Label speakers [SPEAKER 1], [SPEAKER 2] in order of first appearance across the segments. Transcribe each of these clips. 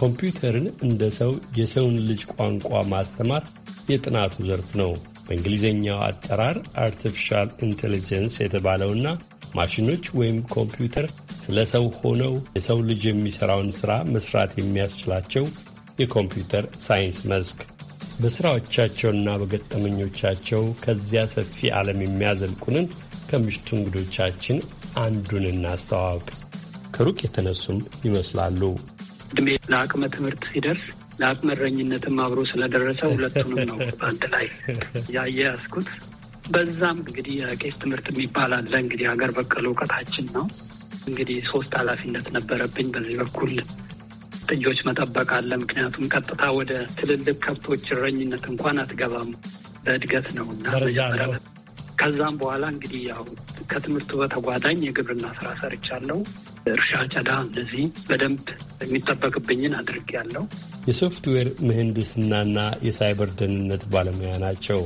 [SPEAKER 1] ኮምፒውተርን እንደ ሰው የሰውን ልጅ ቋንቋ ማስተማር የጥናቱ ዘርፍ ነው። በእንግሊዝኛው አጠራር አርቲፊሻል ኢንቴሊጀንስ የተባለውና ማሽኖች ወይም ኮምፒውተር ስለ ሰው ሆነው የሰው ልጅ የሚሠራውን ሥራ መሥራት የሚያስችላቸው የኮምፒውተር ሳይንስ መስክ በሥራዎቻቸውና በገጠመኞቻቸው ከዚያ ሰፊ ዓለም የሚያዘልቁንን ከምሽቱ እንግዶቻችን አንዱን እናስተዋውቅ። ከሩቅ የተነሱም ይመስላሉ።
[SPEAKER 2] እድሜ ለአቅመ ትምህርት ሲደርስ ለአቅመ እረኝነትም አብሮ ስለደረሰ ሁለቱንም ነው በአንድ ላይ ያያያዝኩት። በዛም እንግዲህ የቄስ ትምህርት የሚባል አለ። እንግዲህ ሀገር በቀል እውቀታችን ነው። እንግዲህ ሶስት ኃላፊነት ነበረብኝ በዚህ በኩል ጥጆች መጠበቅ አለ። ምክንያቱም ቀጥታ ወደ ትልልቅ ከብቶች እረኝነት እንኳን አትገባም። በእድገት ነው እና መጀመሪያ ከዛም በኋላ እንግዲህ ያው ከትምህርቱ በተጓዳኝ የግብርና ስራ ሰርቻለሁ። እርሻ፣ ጨዳ እነዚህ በደንብ የሚጠበቅብኝን አድርግ ያለው
[SPEAKER 1] የሶፍትዌር ምህንድስናና የሳይበር ደህንነት ባለሙያ ናቸው።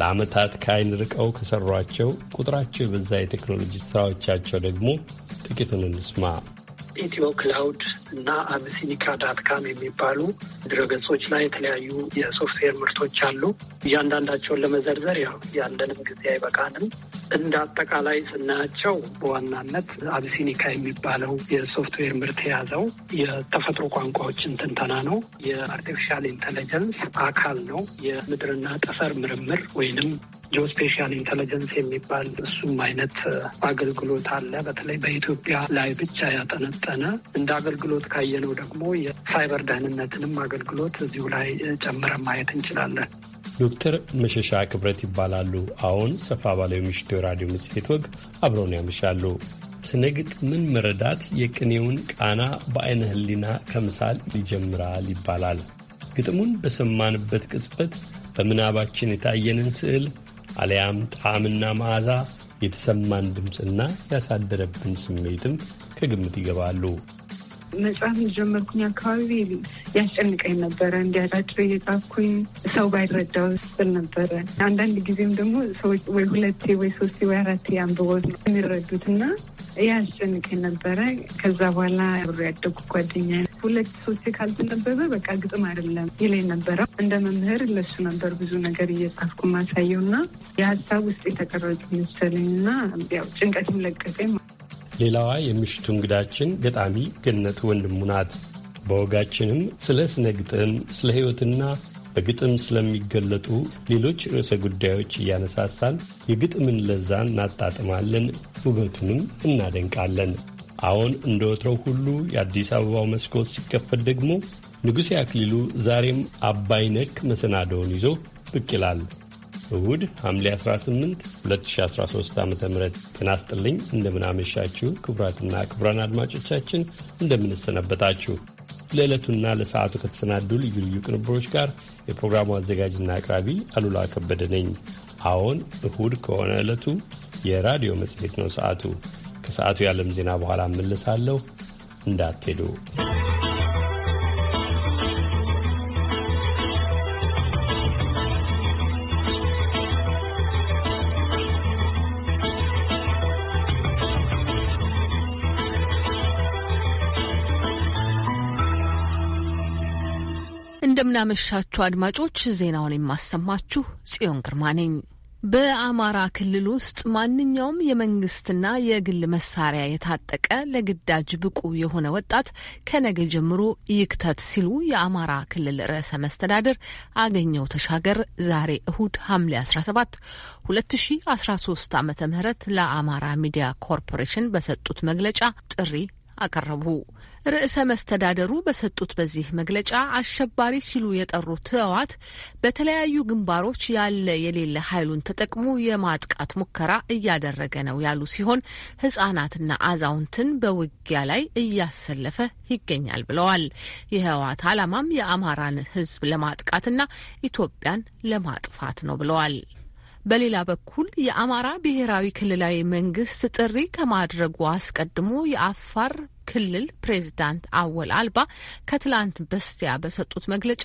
[SPEAKER 1] ለዓመታት ከአይን ርቀው ከሰሯቸው ቁጥራቸው የበዛ የቴክኖሎጂ ስራዎቻቸው ደግሞ ጥቂቱን እንስማ።
[SPEAKER 2] ኢትዮ ክላውድ እና አብሲኒካ ዳትካም የሚባሉ ድረገጾች ላይ የተለያዩ የሶፍትዌር ምርቶች አሉ። እያንዳንዳቸውን ለመዘርዘር ያው ያለንም ጊዜ አይበቃንም። እንደ አጠቃላይ ስናያቸው በዋናነት አቢሲኒካ የሚባለው የሶፍትዌር ምርት የያዘው የተፈጥሮ ቋንቋዎችን ትንተና ነው። የአርቲፊሻል ኢንቴሊጀንስ አካል ነው። የምድርና ጠፈር ምርምር ወይንም ጂኦስፔሻል ኢንቴሊጀንስ የሚባል እሱም አይነት አገልግሎት አለ። በተለይ በኢትዮጵያ ላይ ብቻ ያጠነጠነ እንደ አገልግሎት ካየነው ደግሞ የሳይበር ደህንነትንም አገልግሎት እዚሁ ላይ ጨምረን ማየት እንችላለን።
[SPEAKER 1] ዶክተር መሸሻ ክብረት ይባላሉ። አሁን ሰፋ ባለው የምሽቱ የራዲዮ መጽሔት ወግ አብረውን ያመሻሉ። ስነ ግጥምን መረዳት የቅኔውን ቃና በአይነ ህሊና ከምሳል ይጀምራል ይባላል። ግጥሙን በሰማንበት ቅጽበት በምናባችን የታየንን ስዕል አሊያም ጣዕምና መዓዛ የተሰማን ድምፅና ያሳደረብን ስሜትም ከግምት ይገባሉ።
[SPEAKER 3] መጽሐፍ የጀመርኩኝ አካባቢ ያስጨንቀኝ ነበረ። እንዲያጫጭር እየጻፍኩኝ ሰው ባይረዳው ስል ነበረ። አንዳንድ ጊዜም ደግሞ ሰዎች ወይ ሁለቴ ወይ ሶስቴ ወይ አራቴ አንብቦት ነው የሚረዱት እና ያስጨንቀኝ ነበረ። ከዛ በኋላ አብሮ ያደጉ ጓደኛ ሁለት ሶስቴ ካልተነበበ በቃ ግጥም አይደለም ይለኝ ነበረ። እንደ መምህር ለሱ ነበር ብዙ ነገር እየጻፍኩ ማሳየው እና የሀሳብ ውስጥ የተቀረጡ መሰለኝ እና ያው ጭንቀትም ለቀቀኝ።
[SPEAKER 1] ሌላዋ የምሽቱ እንግዳችን ገጣሚ ገነት ወንድሙ ናት። በወጋችንም ስለ ስነ ግጥም፣ ስለ ሕይወትና በግጥም ስለሚገለጡ ሌሎች ርዕሰ ጉዳዮች እያነሳሳን የግጥምን ለዛ እናጣጥማለን፣ ውበቱንም እናደንቃለን። አሁን እንደ ወትሮው ሁሉ የአዲስ አበባው መስኮት ሲከፈት ደግሞ ንጉሴ አክሊሉ ዛሬም አባይ ነክ መሰናዶውን ይዞ ብቅ ይላል። እሁድ ሐምሌ 18 2013 ዓ ም ጤና ይስጥልኝ። እንደምናመሻችሁ ክቡራትና ክቡራን አድማጮቻችን እንደምንሰነበታችሁ። ለዕለቱና ለሰዓቱ ከተሰናዱ ልዩ ልዩ ቅንብሮች ጋር የፕሮግራሙ አዘጋጅና አቅራቢ አሉላ ከበደ ነኝ። አዎን እሁድ ከሆነ ዕለቱ የራዲዮ መጽሔት ነው። ሰዓቱ ከሰዓቱ የዓለም ዜና በኋላ እመለሳለሁ። እንዳትሄዱ።
[SPEAKER 4] እንደምናመሻችሁ አድማጮች፣ ዜናውን የማሰማችሁ ጽዮን ግርማ ነኝ። በአማራ ክልል ውስጥ ማንኛውም የመንግስትና የግል መሳሪያ የታጠቀ ለግዳጅ ብቁ የሆነ ወጣት ከነገ ጀምሮ ይክተት ሲሉ የአማራ ክልል ርዕሰ መስተዳድር አገኘው ተሻገር ዛሬ እሁድ ሐምሌ 17 2013 ዓ ም ለአማራ ሚዲያ ኮርፖሬሽን በሰጡት መግለጫ ጥሪ አቀረቡ። ርዕሰ መስተዳደሩ በሰጡት በዚህ መግለጫ አሸባሪ ሲሉ የጠሩት ህወሓት በተለያዩ ግንባሮች ያለ የሌለ ኃይሉን ተጠቅሞ የማጥቃት ሙከራ እያደረገ ነው ያሉ ሲሆን ህጻናትና አዛውንትን በውጊያ ላይ እያሰለፈ ይገኛል ብለዋል። የህወሓት ዓላማም የአማራን ህዝብ ለማጥቃትና ኢትዮጵያን ለማጥፋት ነው ብለዋል። በሌላ በኩል የአማራ ብሔራዊ ክልላዊ መንግስት ጥሪ ከማድረጉ አስቀድሞ የአፋር ክልል ፕሬዚዳንት አወል አልባ ከትላንት በስቲያ በሰጡት መግለጫ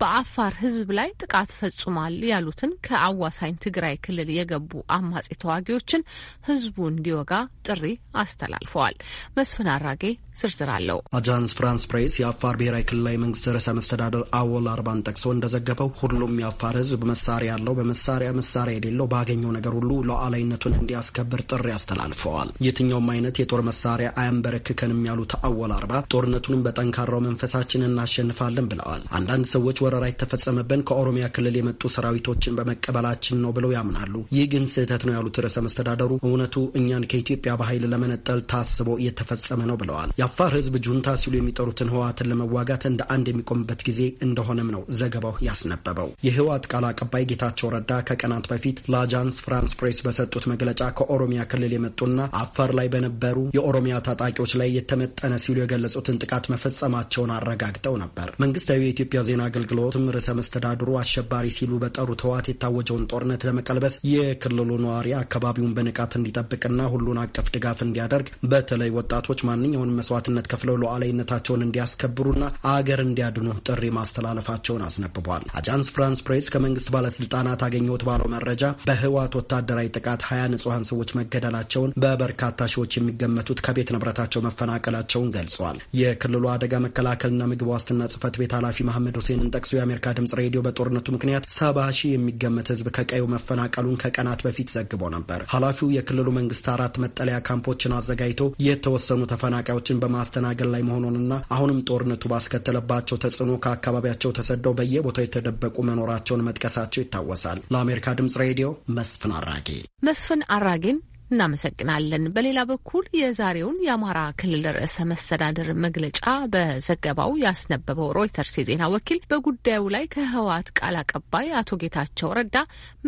[SPEAKER 4] በአፋር ሕዝብ ላይ ጥቃት ፈጽሟል ያሉትን ከአዋሳኝ ትግራይ ክልል የገቡ አማጺ ተዋጊዎችን ሕዝቡ እንዲወጋ ጥሪ አስተላልፈዋል። መስፍን አራጌ ዝርዝር አለው።
[SPEAKER 5] አጃንስ ፍራንስ ፕሬስ የአፋር ብሔራዊ ክልላዊ መንግስት ርዕሰ መስተዳደር አወል አርባን ጠቅሶ እንደዘገበው ሁሉም የአፋር ሕዝብ መሳሪያ ያለው በመሳሪያ መሳሪያ የሌለው ባገኘው ነገር ሁሉ ሉዓላዊነቱን እንዲያስከብር ጥሪ አስተላልፈዋል። የትኛውም አይነት የጦር መሳሪያ አያንበረክከንም አልቻልንም ያሉት አወል አርባ ጦርነቱንም በጠንካራው መንፈሳችን እናሸንፋለን ብለዋል። አንዳንድ ሰዎች ወረራ የተፈጸመብን ከኦሮሚያ ክልል የመጡ ሰራዊቶችን በመቀበላችን ነው ብለው ያምናሉ። ይህ ግን ስህተት ነው ያሉት ርዕሰ መስተዳደሩ እውነቱ እኛን ከኢትዮጵያ በኃይል ለመነጠል ታስቦ እየተፈጸመ ነው ብለዋል። የአፋር ህዝብ ጁንታ ሲሉ የሚጠሩትን ህወሓትን ለመዋጋት እንደ አንድ የሚቆምበት ጊዜ እንደሆነም ነው ዘገባው ያስነበበው። የህወሓት ቃል አቀባይ ጌታቸው ረዳ ከቀናት በፊት ለአጃንስ ፍራንስ ፕሬስ በሰጡት መግለጫ ከኦሮሚያ ክልል የመጡና አፋር ላይ በነበሩ የኦሮሚያ ታጣቂዎች ላይ የተመጠነ ሲሉ የገለጹትን ጥቃት መፈጸማቸውን አረጋግጠው ነበር። መንግስታዊ የኢትዮጵያ ዜና አገልግሎትም ርዕሰ መስተዳድሩ አሸባሪ ሲሉ በጠሩት ህወሓት የታወጀውን ጦርነት ለመቀልበስ የክልሉ ነዋሪ አካባቢውን በንቃት እንዲጠብቅና ሁሉን አቀፍ ድጋፍ እንዲያደርግ በተለይ ወጣቶች ማንኛውን መስዋዕትነት ከፍለው ሉዓላዊነታቸውን እንዲያስከብሩና አገር እንዲያድኑ ጥሪ ማስተላለፋቸውን አስነብቧል። አጃንስ ፍራንስ ፕሬስ ከመንግስት ባለስልጣናት አገኘሁት ባለው መረጃ በህወሓት ወታደራዊ ጥቃት ሀያ ንጹሐን ሰዎች መገደላቸውን በበርካታ ሺዎች የሚገመቱት ከቤት ንብረታቸው መፈናቀ ማዕከላቸውን ገልጿል። የክልሉ አደጋ መከላከልና ምግብ ዋስትና ጽህፈት ቤት ኃላፊ መሐመድ ሁሴንን ጠቅሶ የአሜሪካ ድምጽ ሬዲዮ በጦርነቱ ምክንያት ሰባ ሺህ የሚገመት ህዝብ ከቀዩ መፈናቀሉን ከቀናት በፊት ዘግቦ ነበር። ኃላፊው የክልሉ መንግስት አራት መጠለያ ካምፖችን አዘጋጅቶ የተወሰኑ ተፈናቃዮችን በማስተናገድ ላይ መሆኑንና አሁንም ጦርነቱ ባስከተለባቸው ተጽዕኖ ከአካባቢያቸው ተሰደው በየቦታው የተደበቁ መኖራቸውን መጥቀሳቸው ይታወሳል። ለአሜሪካ ድምጽ ሬዲዮ መስፍን አራጌ
[SPEAKER 4] መስፍን አራጌን እናመሰግናለን። በሌላ በኩል የዛሬውን የአማራ ክልል ርዕሰ መስተዳድር መግለጫ በዘገባው ያስነበበው ሮይተርስ የዜና ወኪል በጉዳዩ ላይ ከህወሓት ቃል አቀባይ አቶ ጌታቸው ረዳ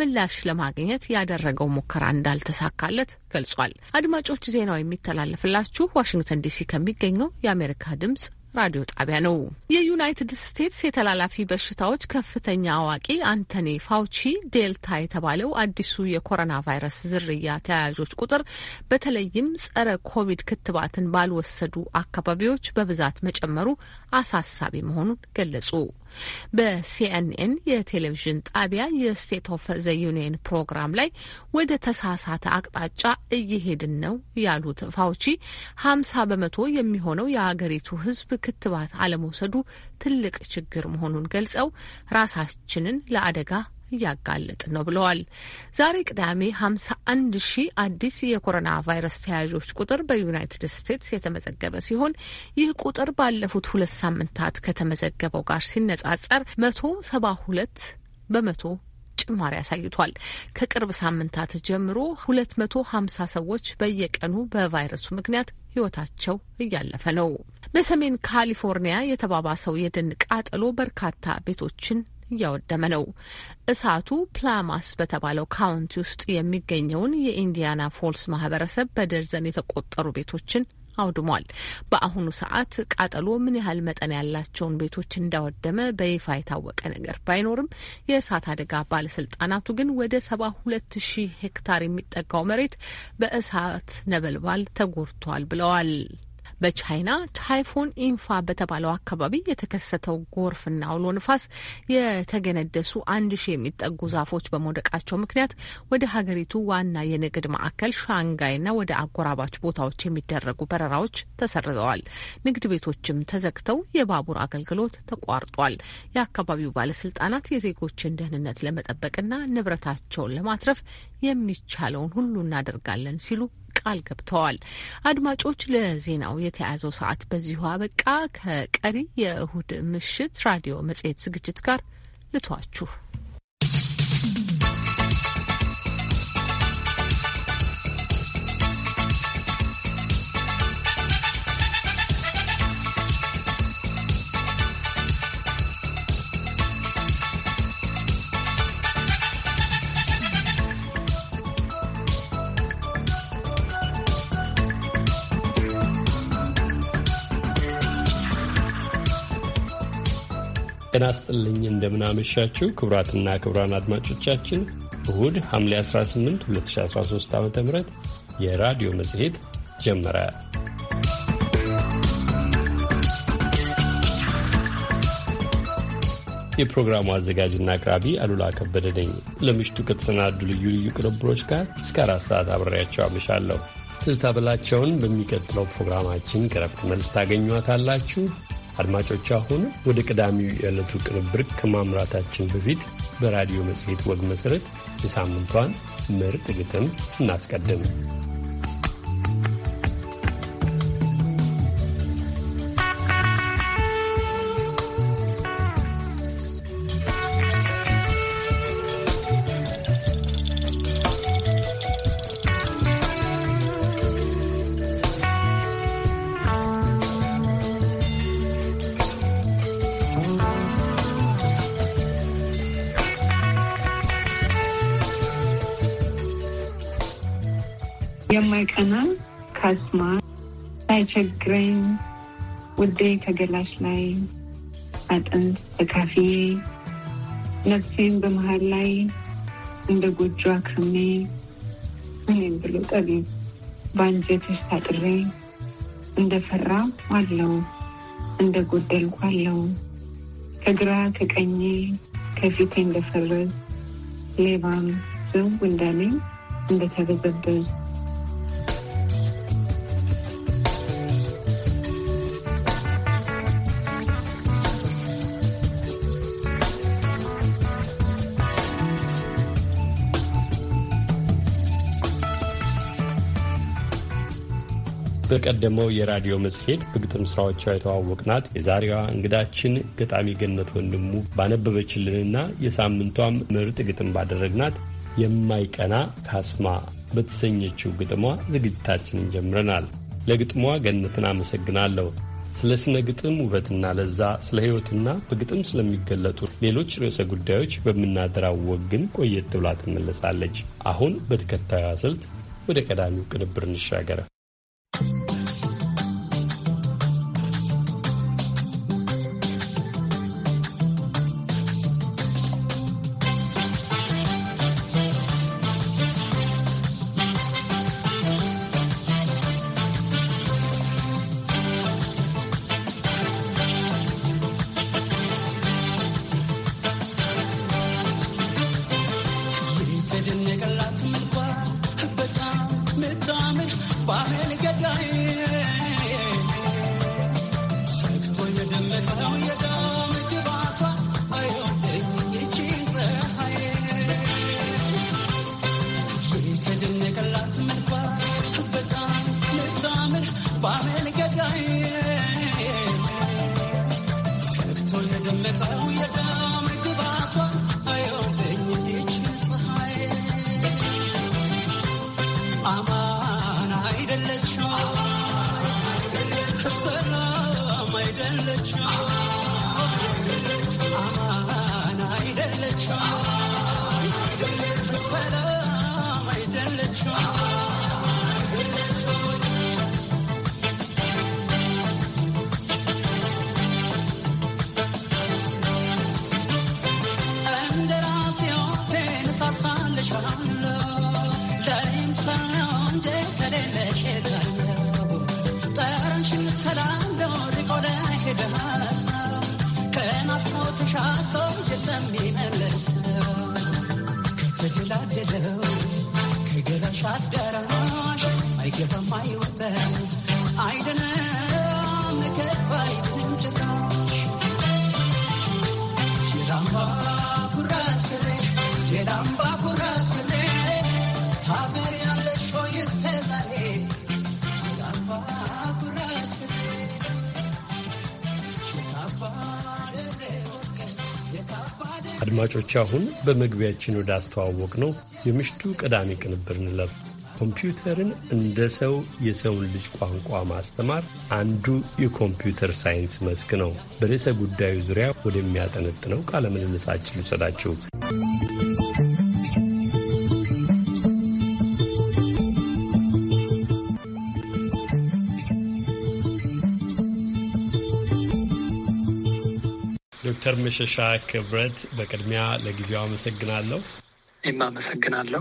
[SPEAKER 4] ምላሽ ለማግኘት ያደረገው ሙከራ እንዳልተሳካለት ገልጿል። አድማጮች፣ ዜናው የሚተላለፍላችሁ ዋሽንግተን ዲሲ ከሚገኘው የአሜሪካ ድምጽ ራዲዮ ጣቢያ ነው። የዩናይትድ ስቴትስ የተላላፊ በሽታዎች ከፍተኛ አዋቂ አንቶኒ ፋውቺ ዴልታ የተባለው አዲሱ የኮሮና ቫይረስ ዝርያ ተያያዦች ቁጥር በተለይም ጸረ ኮቪድ ክትባትን ባልወሰዱ አካባቢዎች በብዛት መጨመሩ አሳሳቢ መሆኑን ገለጹ። በሲኤንኤን የቴሌቪዥን ጣቢያ የስቴት ኦፍ ዘ ዩኒየን ፕሮግራም ላይ ወደ ተሳሳተ አቅጣጫ እየሄድን ነው ያሉት ፋውቺ ሀምሳ በመቶ የሚሆነው የአገሪቱ ሕዝብ ክትባት አለመውሰዱ ትልቅ ችግር መሆኑን ገልጸው ራሳችንን ለአደጋ እያጋለጥን ነው ብለዋል። ዛሬ ቅዳሜ 51 ሺህ አዲስ የኮሮና ቫይረስ ተያዦች ቁጥር በዩናይትድ ስቴትስ የተመዘገበ ሲሆን ይህ ቁጥር ባለፉት ሁለት ሳምንታት ከተመዘገበው ጋር ሲነጻጸር 172 በመቶ ጭማሪ አሳይቷል። ከቅርብ ሳምንታት ጀምሮ 250 ሰዎች በየቀኑ በቫይረሱ ምክንያት ሕይወታቸው እያለፈ ነው። በሰሜን ካሊፎርኒያ የተባባሰው የደን ቃጠሎ በርካታ ቤቶችን እያወደመ ነው። እሳቱ ፕላማስ በተባለው ካውንቲ ውስጥ የሚገኘውን የኢንዲያና ፎልስ ማህበረሰብ በደርዘን የተቆጠሩ ቤቶችን አውድሟል። በአሁኑ ሰዓት ቃጠሎ ምን ያህል መጠን ያላቸውን ቤቶች እንዳወደመ በይፋ የታወቀ ነገር ባይኖርም የእሳት አደጋ ባለስልጣናቱ ግን ወደ ሰባ ሁለት ሺህ ሄክታር የሚጠጋው መሬት በእሳት ነበልባል ተጎድቷል ብለዋል። በቻይና ታይፎን ኢንፋ በተባለው አካባቢ የተከሰተው ጎርፍና አውሎ ንፋስ የተገነደሱ አንድ ሺህ የሚጠጉ ዛፎች በመውደቃቸው ምክንያት ወደ ሀገሪቱ ዋና የንግድ ማዕከል ሻንጋይና ወደ አጎራባች ቦታዎች የሚደረጉ በረራዎች ተሰርዘዋል። ንግድ ቤቶችም ተዘግተው የባቡር አገልግሎት ተቋርጧል። የአካባቢው ባለስልጣናት የዜጎችን ደህንነት ለመጠበቅና ንብረታቸውን ለማትረፍ የሚቻለውን ሁሉ እናደርጋለን ሲሉ ቃል ገብተዋል። አድማጮች፣ ለዜናው የተያዘው ሰዓት በዚሁ አበቃ። ከቀሪ የእሁድ ምሽት ራዲዮ መጽሔት ዝግጅት ጋር ልቷችሁ
[SPEAKER 1] ጤና ስጥልኝ እንደምናመሻችው ክቡራትና ክቡራን አድማጮቻችን እሁድ ሐምሌ 18 2013 ዓ ም የራዲዮ መጽሔት ጀመረ። የፕሮግራሙ አዘጋጅና አቅራቢ አሉላ ከበደ ነኝ። ለምሽቱ ከተሰናዱ ልዩ ልዩ ቅንብሮች ጋር እስከ አራት ሰዓት አብሬያቸው አመሻለሁ። ትዝታ በላቸውን በሚቀጥለው ፕሮግራማችን ከረፍት መልስ ታገኟታላችሁ። አድማጮች አሁን ወደ ቀዳሚው የዕለቱ ቅንብር ከማምራታችን በፊት በራዲዮ መጽሔት ወግ መሠረት የሳምንቷን ምርጥ ግጥም እናስቀድም።
[SPEAKER 3] የማይቀና ካስማ ሳይቸግረኝ ውዴ ከገላሽ ላይ አጥንት በካፌ ነፍሴን በመሀል ላይ እንደ ጎጆ አክሜ እኔም ብሎ ጠቢ በአንጀትሽ ታጥሬ እንደ ፈራ አለው እንደ ጎደልኩ አለው ከግራ ከቀኝ ከፊቴ እንደፈረዝ ሌባም ዝም እንዳለኝ እንደተበዘበዝ
[SPEAKER 1] በቀደመው የራዲዮ መጽሔት በግጥም ስራዎቿ የተዋወቅናት የዛሬዋ እንግዳችን ገጣሚ ገነት ወንድሙ ባነበበችልንና የሳምንቷም ምርጥ ግጥም ባደረግናት የማይቀና ካስማ በተሰኘችው ግጥሟ ዝግጅታችንን ጀምረናል። ለግጥሟ ገነትን አመሰግናለሁ። ስለ ስነ ግጥም ውበትና ለዛ፣ ስለ ሕይወትና በግጥም ስለሚገለጡ ሌሎች ርዕሰ ጉዳዮች በምናደራወቅ ግን ቆየት ብላ ትመለሳለች። አሁን በተከታዩ ስልት ወደ ቀዳሚው ቅንብር እንሻገረ።
[SPEAKER 5] የምታምር ባህል ገዳይ
[SPEAKER 1] አድማጮች አሁን በመግቢያችን ወደ አስተዋወቅ ነው የምሽቱ ቀዳሚ ቅንብር እንለፍ። ኮምፒውተርን እንደ ሰው የሰውን ልጅ ቋንቋ ማስተማር አንዱ የኮምፒውተር ሳይንስ መስክ ነው። በርዕሰ ጉዳዩ ዙሪያ ወደሚያጠነጥነው ቃለ ምልልሳችን ልውሰዳችሁ። ዶክተር መሸሻ ክብረት በቅድሚያ ለጊዜው አመሰግናለሁ።
[SPEAKER 2] እኔም አመሰግናለሁ።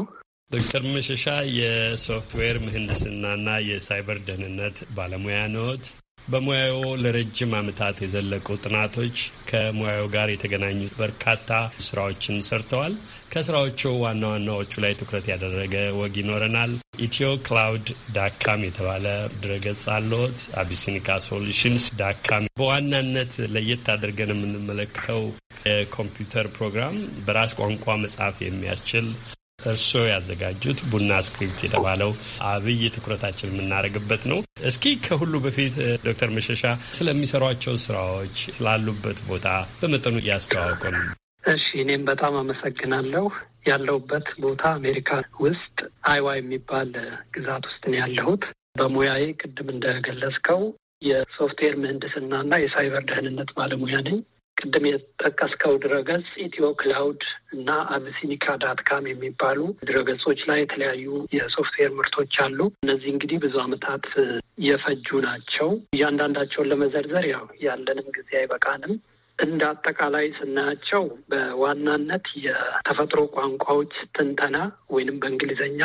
[SPEAKER 1] ዶክተር መሸሻ የሶፍትዌር ምህንድስናና የሳይበር ደህንነት ባለሙያ ነዎት። በሙያው ለረጅም ዓመታት የዘለቁ ጥናቶች ከሙያው ጋር የተገናኙ በርካታ ስራዎችን ሰርተዋል። ከስራዎቹ ዋና ዋናዎቹ ላይ ትኩረት ያደረገ ወግ ይኖረናል። ኢትዮ ክላውድ ዳካም የተባለ ድረገጽ አለዎት። አቢሲኒካ ሶሉሽንስ ዳካም በዋናነት ለየት አድርገን የምንመለከተው የኮምፒውተር ፕሮግራም በራስ ቋንቋ መጻፍ የሚያስችል እርስዎ ያዘጋጁት ቡና ስክሪፕት የተባለው አብይ ትኩረታችን የምናደርግበት ነው። እስኪ ከሁሉ በፊት ዶክተር መሸሻ ስለሚሰሯቸው ስራዎች ስላሉበት ቦታ በመጠኑ ያስተዋውቁን።
[SPEAKER 2] እሺ እኔም በጣም አመሰግናለሁ። ያለሁበት ቦታ አሜሪካ ውስጥ አይዋ የሚባል ግዛት ውስጥ ነው ያለሁት። በሙያዬ ቅድም እንደገለጽከው የሶፍትዌር ምህንድስና እና የሳይበር ደህንነት ባለሙያ ነኝ። ቅድም የጠቀስከው ድረገጽ ኢትዮ ክላውድ እና አብሲኒካ ዳትካም የሚባሉ ድረገጾች ላይ የተለያዩ የሶፍትዌር ምርቶች አሉ። እነዚህ እንግዲህ ብዙ ዓመታት የፈጁ ናቸው። እያንዳንዳቸውን ለመዘርዘር ያው ያለንም ጊዜ አይበቃንም። እንደ አጠቃላይ ስናያቸው በዋናነት የተፈጥሮ ቋንቋዎች ትንተና ወይንም በእንግሊዝኛ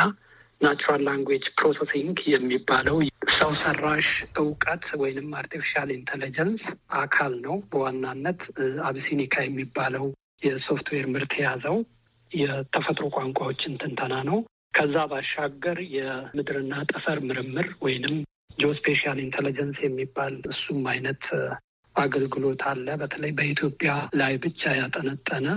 [SPEAKER 2] ናቹራል ላንጉዌጅ ፕሮሰሲንግ የሚባለው ሰው ሰራሽ እውቀት ወይንም አርቲፊሻል ኢንቴሊጀንስ አካል ነው። በዋናነት አብሲኒካ የሚባለው የሶፍትዌር ምርት የያዘው የተፈጥሮ ቋንቋዎችን ትንተና ነው። ከዛ ባሻገር የምድርና ጠፈር ምርምር ወይንም ጂኦስፔሻል ኢንቴሊጀንስ የሚባል እሱም አይነት አገልግሎት አለ። በተለይ በኢትዮጵያ ላይ ብቻ ያጠነጠነ